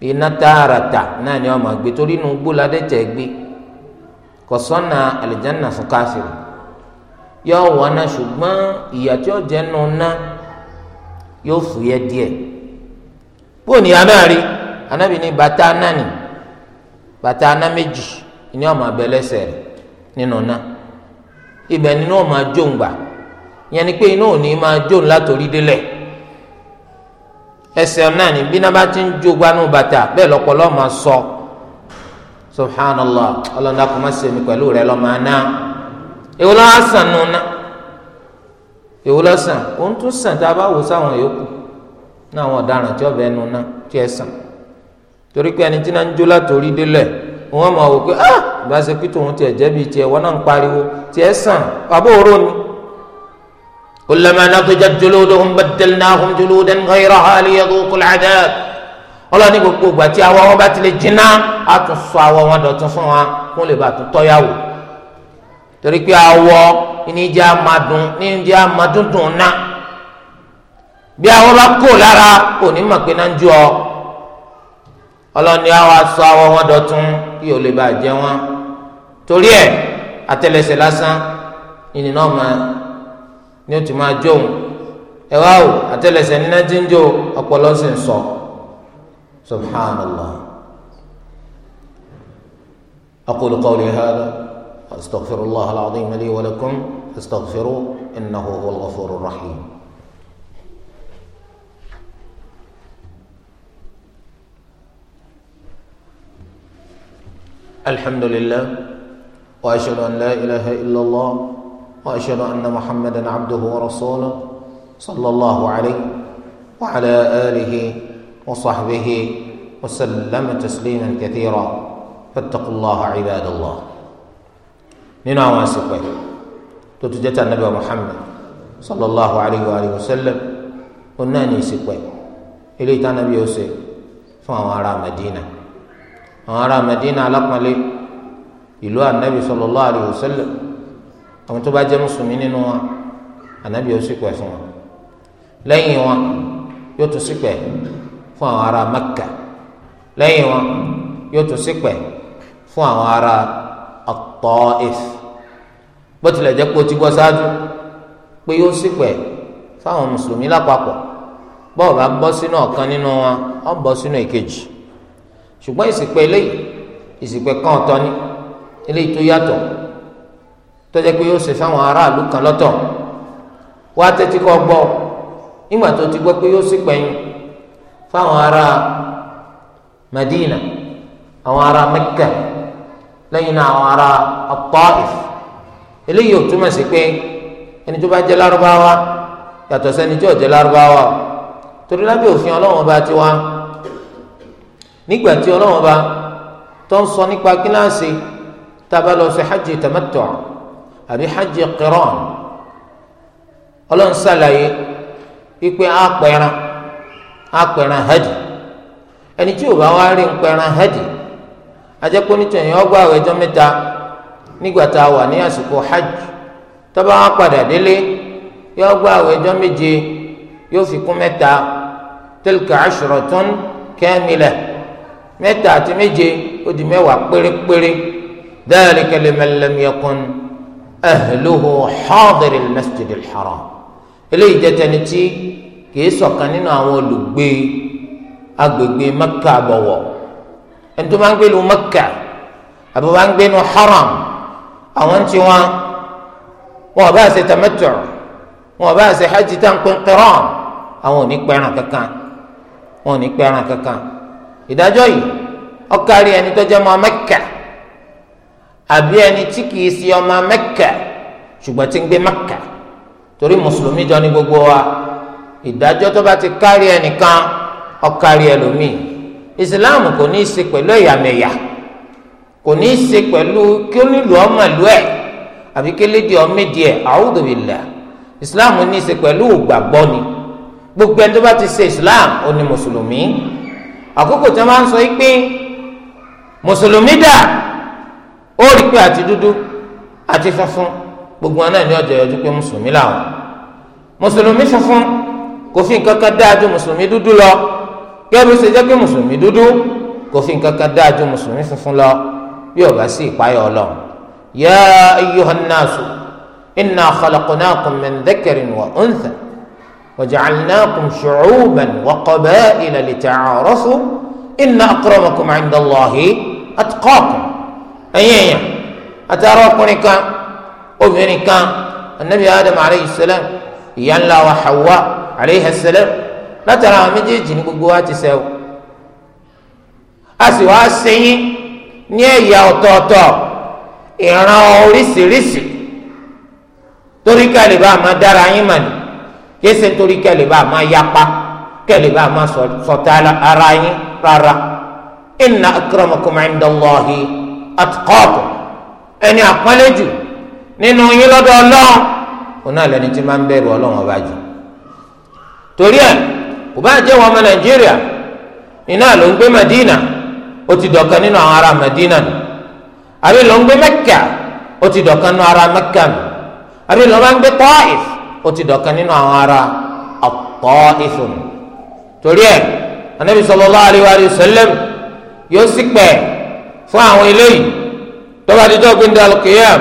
iná tààràtà náà ni wọn máa gbé torí inú gbó ládẹ́tẹ̀ gbé kò sọ́nà àlùjáná fún káfíìrì yọ wọ náà ṣùgbọ́n ìyà tí ó jẹ́ nù náà yóò fúyẹ́ díẹ̀ bóun ni aná rí anábìíní bàtà náà ni bàtà aná méjì. ni wọn máa bẹ lẹ́sẹ̀ rẹ̀ nínú náà ibẹ̀ ni wọn máa jó ńgbà yẹn ni pé iná ò máa jó látòrí náà ni bí náà bá ti ń jó gbanú bàtà lọpọlọ máa sọ subhanallah ọlọ́dà kò má ṣe pẹ̀lú rẹ̀ lọ́ máa ná èwo nù ná èwo lọ́ òun tún sàn a bá wò sáwọn yòókù náà ọ̀daràn tí nù tí ẹ sàn torí pé ẹni tí náà wọn máa wò pé ah ìbá ṣe pé tòun tiẹ̀ jẹ́bi tiẹ̀ wọn náà ń pariwo tiẹ̀ sàn bàbá òró ni. kullama natijat juluduhum baddalnahum juludan ghayraha liyadhuqul adhab ọlọ́ni gbogbo ìgbà tí awọ wọn bá ti lè jiná tún sọ awọ wọn dọ̀tún fún wa kó lè bàtún tọ́yàwó torí pé awọ níjẹ́ amadun níjẹ́ amadundun ná bí awọ bá kó lára òní mọ̀ pé náà ń jọ ọ ọlọ́ni àwọn aṣọ àwọn wọn dọ̀tún kí o lè bá jẹ wọn torí ẹ àtẹlẹsẹ lásán ìní náà máa ní o ti máa jó òun ẹ wá o àtẹlẹsẹ níná tí ń jó ọpọlọ sì ń sọ subhanallah aqulu qawli hadha astaghfirullah al-azim li wa lakum astaghfiru innahu huwal ghafurur rahim. الحمد لله وأشهد أن لا إله إلا الله وأشهد أن محمدا عبده ورسوله صلى الله عليه وعلى آله وصحبه وسلم تسليما كثيرا فاتقوا الله عباد الله nínú àwọn àsìkò النبي محمد صلى الله عليه muhammed sallallahu alayhi wa sallam òun náà ní ìsìkò ẹ eléyìí àwọn ará Medina alápọ̀nlé ìlú anabi sallallahu alayhi wa sallam àwọn tó bá jẹ́ mùsùlùmí nínú wọn anabi yóò ṣìpẹ̀ fún wọn lẹ́yìn wọn yóò tún ṣìpẹ̀ fún àwọn ará Makka lẹ́yìn wọn yóò tún ṣìpẹ̀ fún àwọn ará At-Taif bó tilẹ̀ jẹ́ pé o ti gbọ́ sáájú pé yóò ṣìpẹ̀ fáwọn mùsùlùmí lápapọ̀ bọ́ọ̀ bá bọ́ sínú ọ̀kan nínú wọn ó bọ́ sínú ìkejì ṣùgbọ́n ìsìnkú eléyìí ìsìnkú kan ọ̀tọ̀ ni eléyìí tó yàtọ̀ tó jẹ́ pé yóò ṣe fáwọn aráàlú kan lọ́tọ̀ wá tẹ́tí kọ́ gbọ́ nígbà tó ti gbọ́ pé yóò sì pẹ̀yìn fáwọn ará Madina àwọn ará Mẹ́kà lẹ́yìn náà àwọn ará At-Taif eléyìí ò túmọ̀ sí pé ẹni tó bá jẹ́ lárúbáwá yàtọ̀ sẹ́ni tí ò jẹ́ lárúbáwá torí lábẹ́ òfin ọlọ́wọ́n bá ti wá nígbà tí ọlọ́wọ́n bá tó ń sọ nípa kíláàsì tábà lọ sí hajj tamattu àbí hajj qiran ọlọ́run ṣàlàyé wípé apẹ̀ran apẹ̀ran hajj ẹni tí ò bá wá rí npẹ̀ran hajj ajẹ́pọ̀ nítorí ọgbà àwẹ̀jọ́ mẹ́ta nígbà tá a wà ní àsìkò hajj tó wá padà délé yóò gba àwẹ̀jọ́ méje yóò fi kún mẹ́ta tilka ashratun kamila mẹ́ta àti méje ó di mẹ́wàá pérépéré dhalika liman lam yakun ahluhu hadiril masjidil haram eléyìí jẹ́ tẹni tí kìí ṣọ̀kan nínú àwọn olùgbé agbègbè mẹ́kà bọ̀wọ̀ ẹni tó máa ń gbé lu mẹ́kà àbí wọ́n á ń gbé nu haram àwọn tí wọ́n wọ́n bá ṣe tamattu wọ́n bá ṣe hajj tá ń pín àwọn ò ní pẹ́ràn kankan wọ́n ò ní pẹ́ràn kankan ìdájọ́ yìí ó kárí ẹni tó jẹ́ ọmọ Mẹ́kà àbí ẹni tí kìí ṣe ọmọ Mẹ́kà ṣùgbọ́n tí ń gbé Mẹ́kà torí mùsùlùmí jọ ní gbogbo wa ìdájọ́ tó bá ti kárí ẹnìkan ó kárí ẹlòmíì ìsìláàmù kò ní í ṣe pẹ̀lú ẹ̀yàmẹ̀yà kò ní í ṣe pẹ̀lú kí ó nílò ọmọ ìlú ẹ̀ àbí kí lédi ọmọ ìdí ẹ̀ a'udhu billah ní í ṣe pẹ̀lú ìgbàgbọ́ gbogbo ẹni tó bá ti ṣe ìsìláàmù ó ní mùsùlùmí àkókò tí wọn máa ń sọ pé mùsùlùmí dà ó rí pé àti dúdú àti funfun gbogbo wọn náà ní ọjọ́ yọjú pé mùsùlùmí làwọn mùsùlùmí funfun kò fi nǹkan kan dáa ju mùsùlùmí dúdú lọ gẹ́gẹ́ bí ó ṣe jẹ́ pé mùsùlùmí dúdú kò fi nǹkan kan dáa ju mùsùlùmí funfun lọ bí ó bá sí ìpáyọ̀ ọlọ́run yá ayyuhan nasu inna khalaqnakum min dhakarin wa untha. وجعلناكم شعوبا وقبائل لتعارفوا إن أكرمكم عند الله أتقاكم أيها أتراكنك أبنك النبي آدم عليه السلام يلا وحواء عليه السلام لا ترى مجيج نقوات سو أسوى السيء نيا وطوطو إنا أوريسي ريسي تريكا لبا ما دار عيماني kése nítorí kẹ́lẹ̀ bá a máa yapa kẹ́lẹ̀ bá a máa sọ̀tà ara yín rárá inna akramakum indallahi atqakum ẹni àpọ́nlẹ́jù nínú yín lọ́dọ̀ ọlọ́run òun náà lẹni tí máa ń bẹ̀rù ọlọ́run ọba jù torí ẹ̀ kò bá jẹ́ wọn ọmọ nàìjíríà iná ló ń gbé madina ó ti dọ̀kan nínú àwọn ará madina nù àbí ló ń gbé mẹ́kà ó ti dọ̀kan nínú ará mẹ́kà nù àbí ló máa ń gbé Taif ó ti dọ̀kan nínú àwọn ará At-Taif torí ẹ̀ anabi sallallahu alayhi wa sallam yóò sì pẹ̀ fún àwọn eléyìí tó bá di dọ́gbìn dal qiyam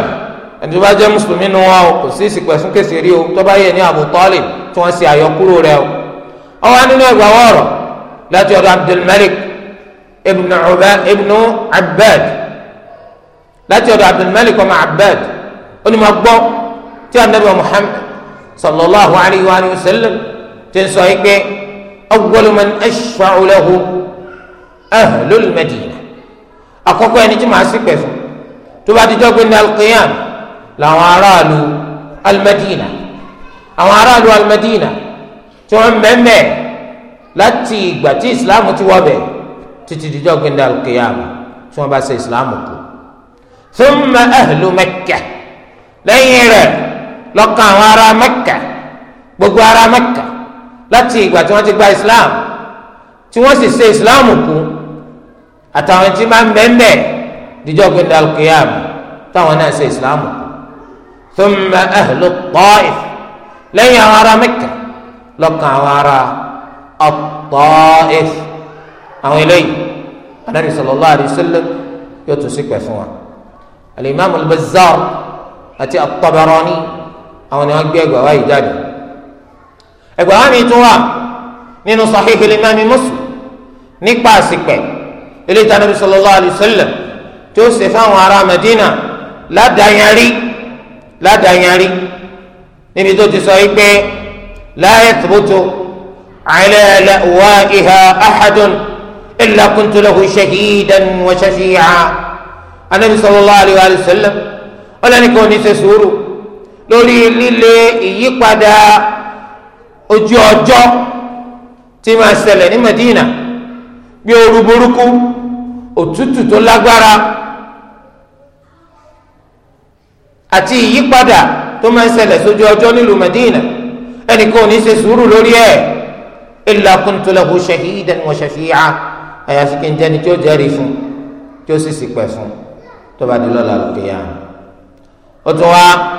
ẹni tó bá jẹ́ mùsùlùmí nu wọn o kò sí ìsìnkú ẹ̀sùn kèsìrí o tó yẹ ní Abu Talib tí wọ́n ṣe àyọkúrò rẹ̀ o ọwọ́ nínú ẹgbàá wọ̀rọ̀ láti ọ̀dọ̀ Abdulmalik ibnu Abbad láti ọ̀dọ̀ Abdulmalik ọmọ Abbad ó ní ma gbọ́ tí anabi Muhammad sallallahu alayhi wa sallam ti sọ yìí pé awwalu man ashfa'u lahu ahlul madina àkọ́kọ́ ẹni tí màá sì pẹ̀ fún tó bá ti jọ́gbìn ní alqiyam làwọn aráàlú almadina àwọn aráàlú almadina tí wọ́n mẹ́mẹ́ láti ìgbà tí ìsìláàmù ti wọ́ bẹ̀ títí di jọ́gbìn ní alqiyam tí wọ́n bá ṣe ìsìláàmù kù thumma ahlu makkah lẹ́yìn rẹ̀ lọ́kàn àwọn ará mẹ́kà gbogbo ará mẹ́kà láti ìgbà tí wọ́n ti gba islam tí wọ́n sì ṣe islam kú àtàwọn tí máa ń bẹ́ńbẹ́ díjọ́ gbé dalkiyam táwọn náà ṣe islam kú thumma ahlu Taif lẹ́yìn àwọn ará mẹ́kà lọ́kàn àwọn ará Taif àwọn eléyìí anabi sallallahu alayhi wa sallam yóò tún sí pẹ̀ fún wa al-imam al-Bazzar àti at-Tabarani àwọn ni wọn gbé ẹgbàá wáyé jáde ẹgbàá mi tún wà nínú Sahih al-Imam Muslim nípa àsìpẹ eléyìí tánàbí sallallahu alayhi wa sallam tí ó ṣe fáwọn ará Madina ládàáyárí ládàáyárí níbi tó ti sọ yìí pé la yathbutu ala la'wa'iha ahadun illa kuntu lahu shahidan wa shafi'a anabi sallallahu alayhi wa sallam ọlọ́ni kò ní ṣe sùúrù lórí líle ìyípadà ojú ọjọ́ tí máa ṣẹlẹ̀ ní Medina bí ooru burúkú òtútù tó lágbára àti ìyípadà tó máa ń ṣẹlẹ̀ sójú ọjọ́ nílùú Medina ẹnìkan ò ní ṣe sùúrù lórí ẹ̀ illa kuntu lahu shahidan wa shafi'a àyàfi kí n jẹ́ni tí ó jẹ́rìí fún tí ó sì sì pẹ̀ fún tó bá di lọ́la lókè yá. ó tún wá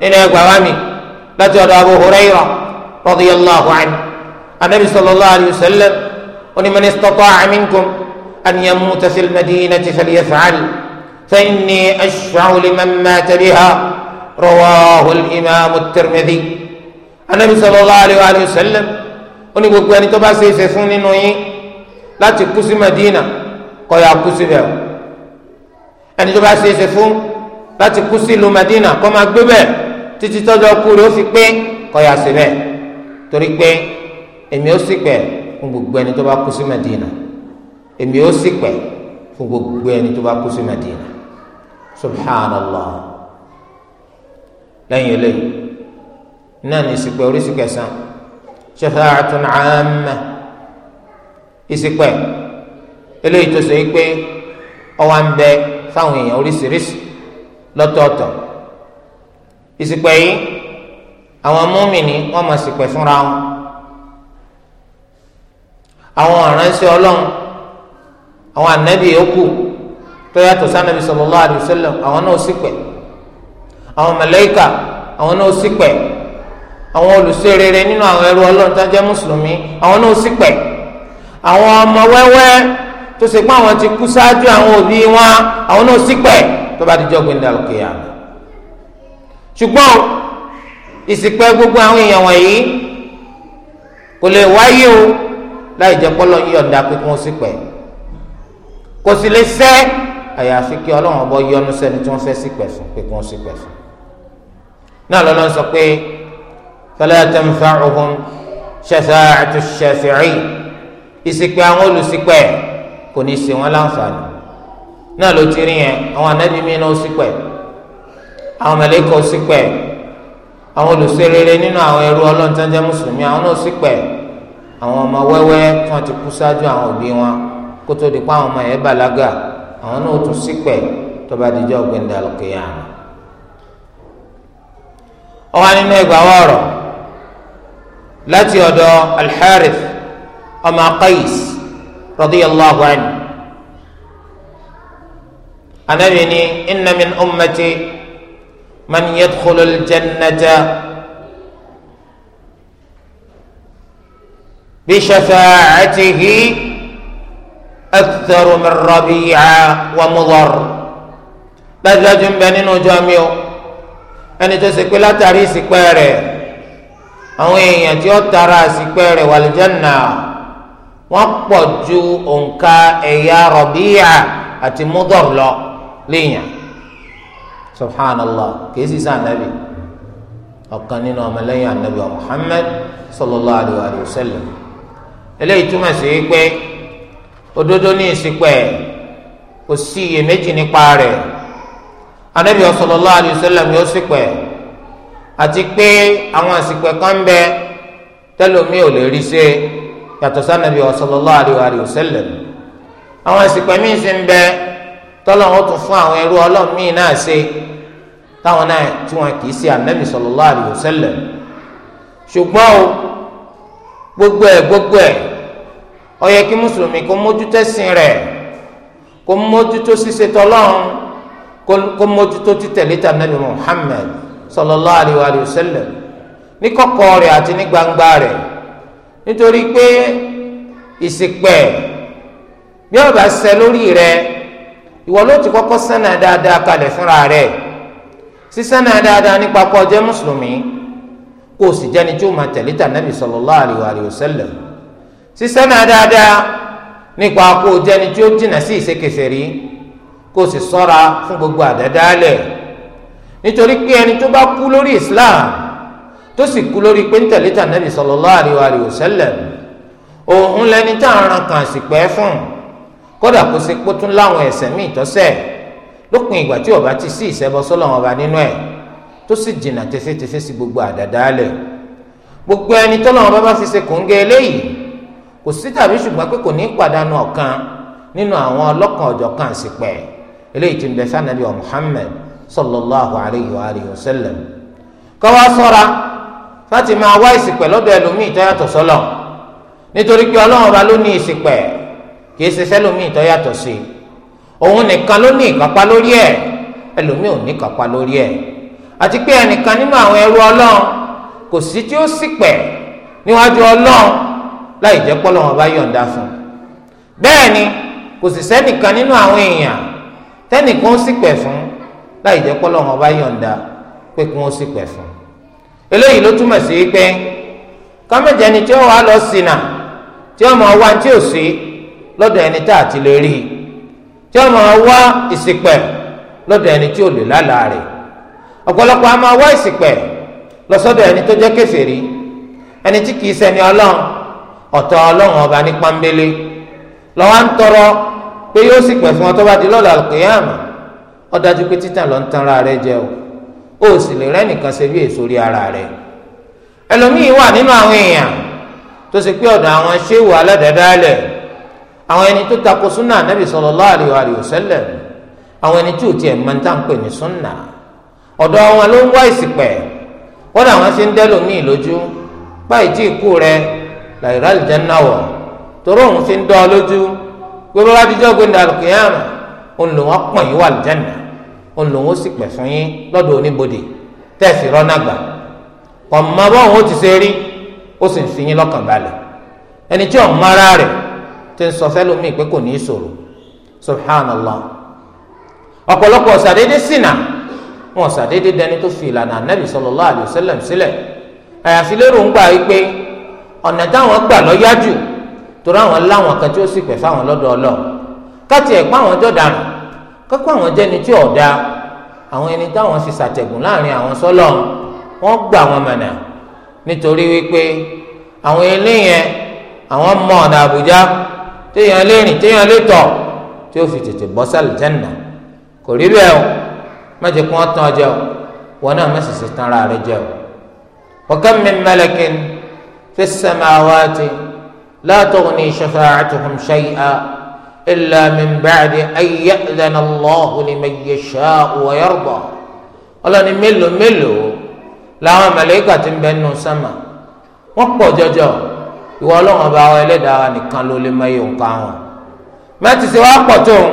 nínú ẹgbàá wa mi láti ọ̀dọ̀ Abu Hurairah radiyallahu anhu anabi sallallahu alayhi wa sallam oní man istata'a minkum an yamuta fil madinati falyaf'al fa inni ashfa'u liman mata biha rawahu al-imam at-Tirmidhi anabi sallallahu alayhi wa sallam oní gbogbo ẹni tó bá ṣe é ṣe fún nínú yín láti kú Madina kọyà kú síbẹ̀ ẹni tó bá ṣe ṣe fún láti kú sí Madina kọ́ máa gbé bẹ́ẹ̀ títí tọ́jọ́ kú rẹ̀ ó fi pé kọ́yà síbẹ̀ torí pé èmi ó sì pẹ̀ fún gbogbo ẹni tó bá kú sí Madina èmi ó sì pẹ̀ fún gbogbo ẹni tó bá kú sí Madina subhanallah lẹ́yìn eléyìí náà ní ìsìnkú oríṣi kẹsàn-án shafa'atun 'amma ìsìnkú eléyìí tó sọ yìí pé ọwọ́ à ń bẹ fáwọn èèyàn oríṣiríṣi lọ́tọ̀ọ̀tọ̀ ìsìpẹ̀ yìí àwọn mùmínì wọ́n máa ṣìpẹ̀ fúnra wọn àwọn aránṣẹ́ Ọlọ́run àwọn ànábì yòókù tó yàtọ̀ sànàbì sallallahu alaihi wasallam àwọn náà ṣìpẹ̀ àwọn màláíkà àwọn náà ṣìpẹ̀ àwọn olùṣe rere nínú àwọn ẹrú Ọlọ́run tó jẹ́ mùsùlùmí àwọn náà ṣìpẹ̀ àwọn ọmọ wẹ́wẹ́ tó ṣe pé àwọn ti kú ṣáájú àwọn òbí wọn àwọn náà ṣìpẹ̀ tó bá di jọ́gbìn dàlùkìyà ṣùgbọ́n ìsìnkpẹ́ gbogbo àwọn èèyàn wọ̀nyí kò lè wáyé o láì jẹ́ pọ́lọ́ yọ̀ǹda pé kí wọ́n sì pẹ́ kò sì lè sẹ́ àyàfi kí ọlọ́run ọbọ̀ yọ́nú sẹ́ni tí wọ́n fẹ́ sí pẹ̀sùn pé kí wọ́n sì pẹ̀sùn náà lọ́lọ́ sọ pé fala tanfa'uhum shafa'atu shafi'in ìsìnkpẹ́ àwọn olùsìnkpẹ́ kò ní í ṣe wọn láǹfààní náà ló ti rí yẹn àwọn anábìmí náà ó sì pẹ̀ àwọn mẹlẹ́kọ̀ sípẹ̀ àwọn olùṣe rere nínú àwọn ẹrú ọlọ́run tó ń jẹ́ mùsùlùmí àwọn náà sípẹ̀ àwọn ọmọ wẹ́wẹ́ tí wọ́n ti kú ṣáájú àwọn òbí wọn kó tó di pa àwọn ọmọ yẹn bàlágà àwọn náà tún sípẹ̀ tó bá dijọ́ gbẹ̀ndàlùkìyàmù ọwọ́ nínú ẹgbàá wọ̀rọ̀ láti ọ̀dọ̀ alḥarif ọmọ qais radiyallahu anhu anabi inna min ummati man yadkhulu al-jannata bi shafa'atihi aktharu min Rabi'a wa Mudhar dájúdájú ń bẹ nínú ọjọ́ mi o ẹni tó ṣe pé látàrí ìsìpẹ́ rẹ̀ àwọn èèyàn tí ó tara ìsìpẹ́ rẹ̀ wal janna wọ́n pọ̀ ju òǹkà ẹ̀yà Rabi'a àti Mudhar lọ léèyàn subhanallah kìí sísá anabi ọ̀kan nínú ọmọlẹ́yìn anabi muhammad sallallahu alayhi wa sallam eléyìí túmọ̀ sí pé òdodo ní ìsìpẹ́ kò sí iyèméjì nípa rẹ̀ anabi sallallahu alayhi wa sallam yóò sìpẹ́ àti pé àwọn àsìpẹ́ kan ń bẹ tẹlomi ò lè rí ṣe yàtọ̀ sanabi sallallahu alayhi wa sallam àwọn àsìpẹ́ míì sì ń bẹ tọ́lọ́wọ́n tún fún àwọn ẹrú ọlọ́run míì náà ṣe táwọn náà tí wọn kì í ṣe ànábì sallallahu alaihi wasallam ṣùgbọ́n o gbogbo ẹ̀ gbogbo ẹ̀ ó yẹ kí mùsùlùmí kó mójútó sìn rẹ̀ kó mójútó ṣíṣe tọ́lọ́run kó mójútó títẹ̀lé tànábì Muhammad sallallahu alaihi wasallam ní kọ̀kọ̀ rẹ̀ àti ní gbangba rẹ̀ nítorí pé ìsìpẹ̀ bí ó bá lórí rẹ̀ ìwọ ló ti kọ́kọ́ sánà dáadáa kalẹ̀ fúnra rẹ̀ sísánà dáadáa nípa kó jẹ́ mùsùlùmí kó o sì jẹ́ni tí ó máa tẹ̀lé tà nàbì sallallahu alaihi wa sallam sísánà dáadáa nípa kó o jẹ́ni tí ó jìnà sí ìṣekèsè rí kó o sì sọ́ra fún gbogbo àdádálẹ̀ nítorí pé ẹni tó bá kú lórí Islam tó sì kú lórí pé ń tẹ̀lé tà nàbì sallallahu alaihi wa sallam òun lẹni tá à ń kàn sí pẹ́ fún un kódà kó ṣe pé tún láwọn ẹ̀ṣẹ̀ míì tọ́sẹ̀ lópin ìgbà tí ó bá ti sí ìṣẹ́bọ sọ́lọ́run ọba nínú ẹ̀ tó sì jìnnà tẹfẹ́tẹfẹ́ sí gbogbo àdàdálẹ̀ gbogbo ẹni tọ́lọ́run ọba bá fi ṣe kòńgẹ́ eléyìí kò sí tàbí ṣùgbọ́n pé kò ní í pàdánù ọ̀kan nínú àwọn ọlọ́kan ọ̀jọ̀kan àsìpẹ́ eléyìí tí ń bẹ sànàbí wa Muhammad sallallahu alayhi wa alihi wa sallam kọ́wá sọ́ra láti máa wá ìsìpẹ́ lọ́dọ̀ ẹlòmíì tó yàtọ̀ sọ́lọ̀ nítorí pé ọlọ́run ọba ló ní ìsìpẹ́ kìí ṣe sẹ́lòmíì tó yàtọ̀ sí i òun nìkan ló ní ìkápá lórí ẹ̀ ẹlòmíì ò ní ìkápá lórí ẹ̀ àti pé ẹnìkan nínú àwọn ẹrú ọlọ́run kò sí tí ó sì pẹ̀ níwájú ọlọ́run láì jẹ́ pọ́ bá yọ̀ǹda fún un bẹ́ẹ̀ ni kò sì sẹ́nìkan nínú àwọn èèyàn tẹ́nìkan ó sì pẹ̀ fún láì jẹ́ pọ́ lọ́wọ́n bá yọ̀ǹda pé kí wọ́n sì pẹ̀ fún un eléyìí ló túmọ̀ sí pé kámẹ́jẹ ni tí ó wàá lọ sínà tí ó mọ̀ wá tí ò sí. Si lọ́dọ̀ ẹni tá a ti lè rí i tí wọ́n máa wá ìṣìpẹ̀ lọ́dọ̀ ẹni tí ò lè lálàá rẹ̀ ọ̀pọ̀lọpọ̀ a máa wá ìṣìpẹ̀ lọ́sọ́dọ̀ ẹni tó jẹ́ kèfèrí ẹni tí kìí ṣẹni ọlọ́run ọ̀tọ̀ ọlọ́run ọba ní pọ́nbélé lọ́wọ́ ń tọrọ pé yóò sì pẹ̀ fún ọ tó bá di lọ́la àlùkìyàmù ó dájú pé títàn lọ ń tanra rẹ jẹ o ó sì lè rẹ́ nìkan ṣe bí èso rí ara rẹ ẹlòmíín wà nínú àwọn èèyàn tó ṣe pé ọ̀dọ̀ àwọn ṣéwù aládàádáálẹ̀ àwọn ẹni tó tako sunna anabi sallallahu alayhi wa sallam àwọn ẹni tí ò tiẹ̀ máa ń tà ń pè ní sunna ọ̀dọ̀ wọn ló ń wá ìsìpẹ̀ wọn làwọn ṣe ń dẹ́lòmíì lójú báyìí tí ikú rẹ làyìrá lè jẹ́ náwọ̀ torí òun ṣe ń dọ́ ọ lójú gbogbo adijọ́ gbé ndàlù kìíyàmù òun lòun ọ̀pọ̀ yìí wà lìjẹ́nà òun lòun ó sì pẹ̀ fún yín lọ́dọ̀ oníbodè tẹ̀sí rọ́nà gbà ọ̀mọ bọ́ọ̀hún ó ti ṣe rí ó sì ń fi yín lọ́kàn balẹ̀ ẹni tí ọ̀ tí ń sọ fẹ́lómi pé kò ní í sòrò subhanallah ọ̀pọ̀lọpọ̀ ọ̀sàdédé ṣìnà wọn ṣàdédé tó fi ìlànà anabi sallallahu alayhi sílẹ̀ àyàfi lérò ń gbà wípé ọ̀nà táwọn gbà lọ́yájú torí àwọn láwọn kan tí ó sì pẹ̀ fáwọn lọ́dọ̀ káti ẹ̀ àwọn àwọn tí ọ̀dà àwọn ẹni táwọn fi láàrin àwọn gbà wọn mọ̀nà nítorí wípé àwọn àwọn mọ̀ ọ̀nà téèyàn lè rìn téèyàn lè tọ̀ tí ó fi tètè bọ́ sálì jẹ́nà kò rí bẹ́ẹ̀ o má jẹ́ kó wọ́n tán ọ jẹ o wọn náà má sì ṣe tán ara rẹ jẹ o. wa kam min malakin fi samawati la tughni shafa'atuhum shay'a illa min ba'di an ya'dhana Allahu liman yasha'u wa yarda. ọlọ́ni mélòó mélòó làwọn màláíkà ń bẹ́ẹ̀ nù sánmà wọ́n pọ̀ jọjọ ìwọ ọlọ́run ọba wa ẹlẹ́dàá wa nìkan ló lè máa yọ nǹkan wọn má ti ṣe wá pọ̀ tó ń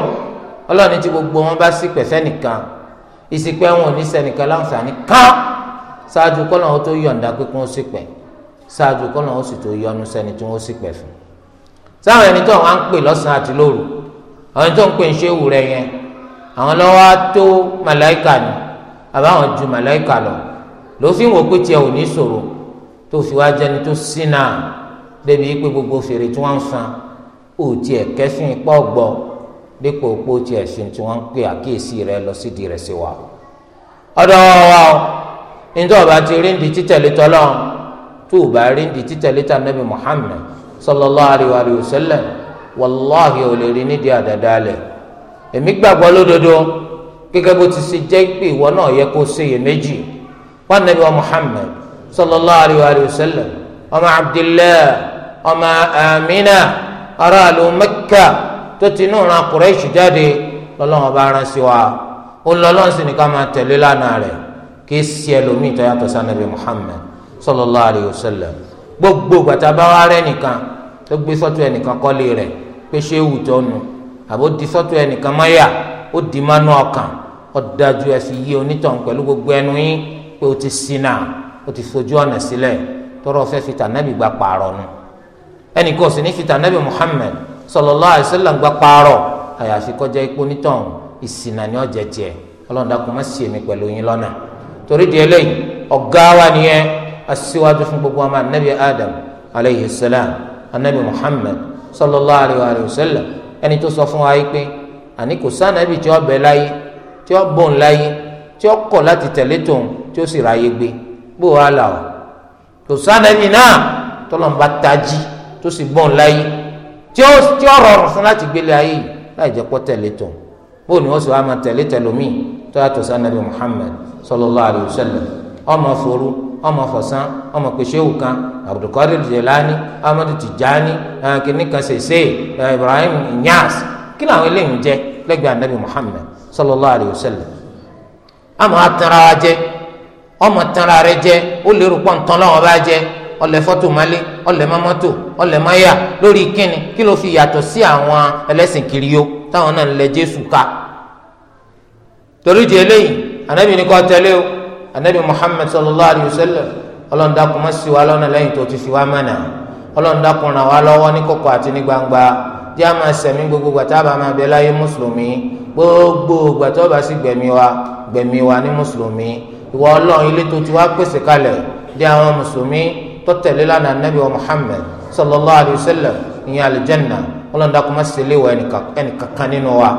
ọlọ́run tí gbogbo wọn bá sì pẹ̀sẹ́ nìkan ìsìpẹ́ wọn ò ní sẹ́nìkan láǹfààní kán ṣáájú kọ́nà ó tó yọ̀ǹda pé kí wọ́n sì pẹ̀ ṣáájú kọ́nà ó sì tó yọnu sẹ́ni tí wọ́n sì pẹ̀ fún sáwọn ẹni tó wọn ń pè lọ́sàn-án àti lóru àwọn tó ń pè ń ṣe ewu rẹ yẹn àwọn lọ́wọ́ á tó màláìkà ni àbáwọn ju màláìkà lọ lófin wò pé tiẹ̀ ò ní ṣòro tó fi wá jẹni tó sínà débi pé gbogbo fèrè tí wọ́n ń san ò tiẹ̀ kẹ́sìn ipá ọ̀gbọ́ dípò pé ó tiẹ̀ sìn tí wọ́n ń pè àkíyèsí rẹ lọ sí di rẹ̀ sí wa. ọ̀dọ̀ wa níjọ́ ọba ti rí ndi títẹ̀lé tọ́lọ́ tó o bá rí ndi títẹ̀lé tà nàbì Muhammad sallallahu alayhi wa sallam wàláhi ò lè rí nídìí àdàdà alẹ̀ èmi gbàgbọ́ lódodo gẹ́gẹ́ bó ti ṣe jẹ́ pé ìwọ náà yẹ kó ṣèyẹ méjì wọn nàbì wa Muhammad sallallahu alayhi wa sallam ọmọ Abdillah ọmọ amina aráàlú mẹ́kà tó ti inú ran kùrẹ́ṣù jáde lọ́lọ́wọ́n bá rán sí wa ó lọ́lọ́run sì ní ká máa tẹ̀lé lánàá rẹ̀ kí sí ẹlòmíì tó yàtọ̀ sànàbí Muhammad sallallahu alayhi wa sallam gbogbo gbàtà bá wà rẹ nìkan tó gbé sọ́tù ẹnìkan kọ́lé rẹ̀ pé ṣé ewu tó nu àbó di sọ́tù ẹnìkan máyà ó di mánú ọkàn ó dájú ẹ fi yí onítàn pẹ̀lú gbogbo ẹnu yín pé ó ti ṣìnà ó ti fojú ọ̀nà sílẹ̀ tọrọ fẹ́ fi tànàbí gba pààrọ̀ nu ẹnì kan sì ní fi tà nàbì Muhammad sallallahu alaihi wasallam gba kpaarọ àyàfi kọjá ikú nítàn ìsìnà ni ọjà tiẹ Ọlọ́run dàkú má sì èmi pẹ̀lú yín lọ́nà torí di eléyìí ọ̀gá wa nìyẹn aṣíwájú fún gbogbo ọmọ anabi Adam aleyhi salam anabi Muhammad sallallahu alaihi wasallam ẹni tó sọ fún wa yìí pé àní kò sànàbì tí ó bẹ láyé tí ó bọ̀n láyé tí ó kọ̀ láti tẹ̀lé tòun tí ó sì ráyé gbé bó wàá là ó kò sànàbì náà tọ́lọ́mùbá tají tó sì gbọ́n láyé tí ó tí ó rọrùn fún láti gbélé ayé yìí láì jẹ́ pọ́ tẹ̀lé tó bó ni wọ́n sì wá máa tẹ̀lé tẹ̀lómi tó yàtọ̀ sí anabi Muhammad sallallahu alayhi wa sallam ọmọ foru ọmọ fọsán ọmọ pèsèwù kan Abdulkadir Jelani Ahmadu Tijani kìnnìkan sèse Ibrahim Inyas kí làwọn eléyìí jẹ lẹ́gbẹ̀ẹ́ anabi Muhammad sallallahu alayhi wa sallam jẹ ọmọ tara rẹ jẹ ó lérò pọ̀ ntọ́ bá jẹ ọlẹ fọ́tò malé ọlẹ mọmọtò ọlẹ mọyà lórí kíni kí ló fi yàtọ̀ sí àwọn ẹlẹ́sìn kiriyó táwọn náà ń lẹ Jésù ká torí di eléyìí anabi ní kò tẹ̀lé o anabi Muhammad sallallahu alayhi wa sallam ọlọ́ọ̀dà kò má sí wa lọ́nà lẹ́yìn tó ti fi wá mọ̀nà ọlọ́ọ̀dà kò ràn wá lọ́wọ́ ní kọ̀kọ̀ àti ní gbangba jẹ́ àmà sẹ̀mí gbogbo gbàtà bá máa bẹ láyé mùsùlùmí gbogbo gbàtà bá sì gbẹ̀mí wa gbẹ̀mí wa ní mùsùlùmí ìwọ ọlọ́run ilé tó ti wá pèsè kalẹ̀ jẹ́ àwọn mùsùlùmí tó tẹ̀lé lánàá nabi wa muhammed sallallahu alayhi wa sallam ìyẹn alìjẹ́nà ọlọ́ọ̀dàkùn má sì léwọ̀ ẹnìkankan nínú wa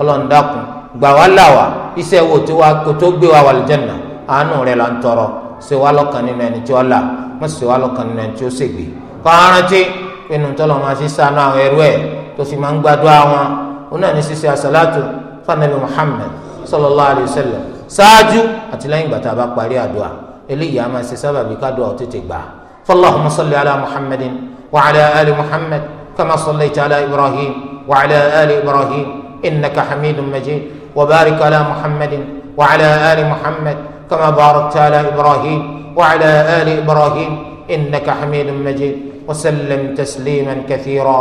ọlọ́ọ̀dàkùn gbà wá là wá iṣẹ́ wo tí wa kò tó gbé wa wà alìjẹ́nà àánú rẹ̀ là ń tọrọ ṣe wá lọ́kàn nínú ẹni tí ó là má ṣe wá lọ́kàn nínú ẹni tí ó ṣègbè kọ́ arántí pinnu tọ́lọ́ máa ṣe sànú àwọn ẹrú ẹ̀ tó fi máa ń gbàdúrà wọn ó náà ní ṣíṣe àṣàlátù fanabi muhammed sallallahu alayhi wa sallam ṣáájú àti gbàtà bá parí àdúrà eléyìí a máa ṣe sábàbí ká dùn tètè gbà á فاللهم صل على محمد وعلى ال محمد كما صليت على ابراهيم وعلى ال ابراهيم انك حميد مجيد وبارك على محمد وعلى ال محمد كما باركت على ابراهيم وعلى ال ابراهيم انك حميد مجيد وسلم تسليما كثيرا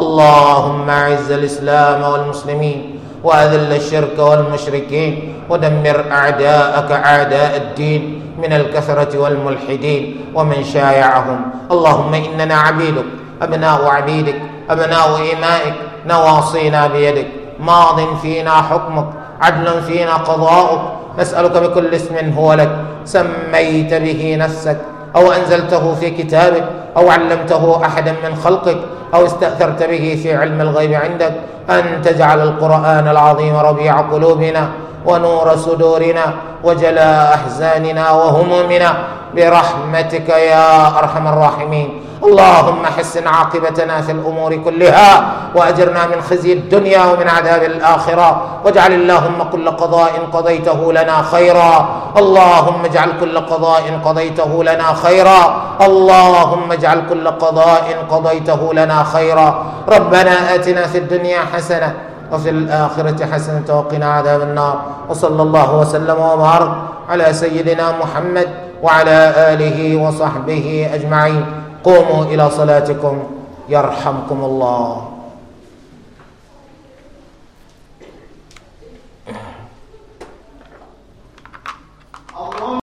اللهم اعز الاسلام والمسلمين واذل الشرك والمشركين ودمر اعداءك اعداء الدين من الكثرة والملحدين ومن شايعهم اللهم إننا عبيدك أبناء عبيدك أبناء إمائك نواصينا بيدك ماض فينا حكمك عدل فينا قضاؤك نسألك بكل اسم هو لك سميت به نفسك أو أنزلته في كتابك أو علمته أحدا من خلقك أو استأثرت به في علم الغيب عندك أن تجعل القرآن العظيم ربيع قلوبنا ونور صدورنا وجلاء أحزاننا وهمومنا برحمتك يا أرحم الراحمين اللهم حسن عاقبتنا في الأمور كلها وأجرنا من خزي الدنيا ومن عذاب الآخرة واجعل اللهم كل قضاء قضيته لنا خيرا اللهم اجعل كل قضاء قضيته لنا خيرا اللهم اجعل واجعل كل قضاء قضيته لنا خيرا ربنا آتنا في الدنيا حسنة وفي الآخرة حسنة وقنا عذاب النار وصلى الله وسلم وبارك على سيدنا محمد وعلى آله وصحبه أجمعين قوموا إلى صلاتكم يرحمكم الله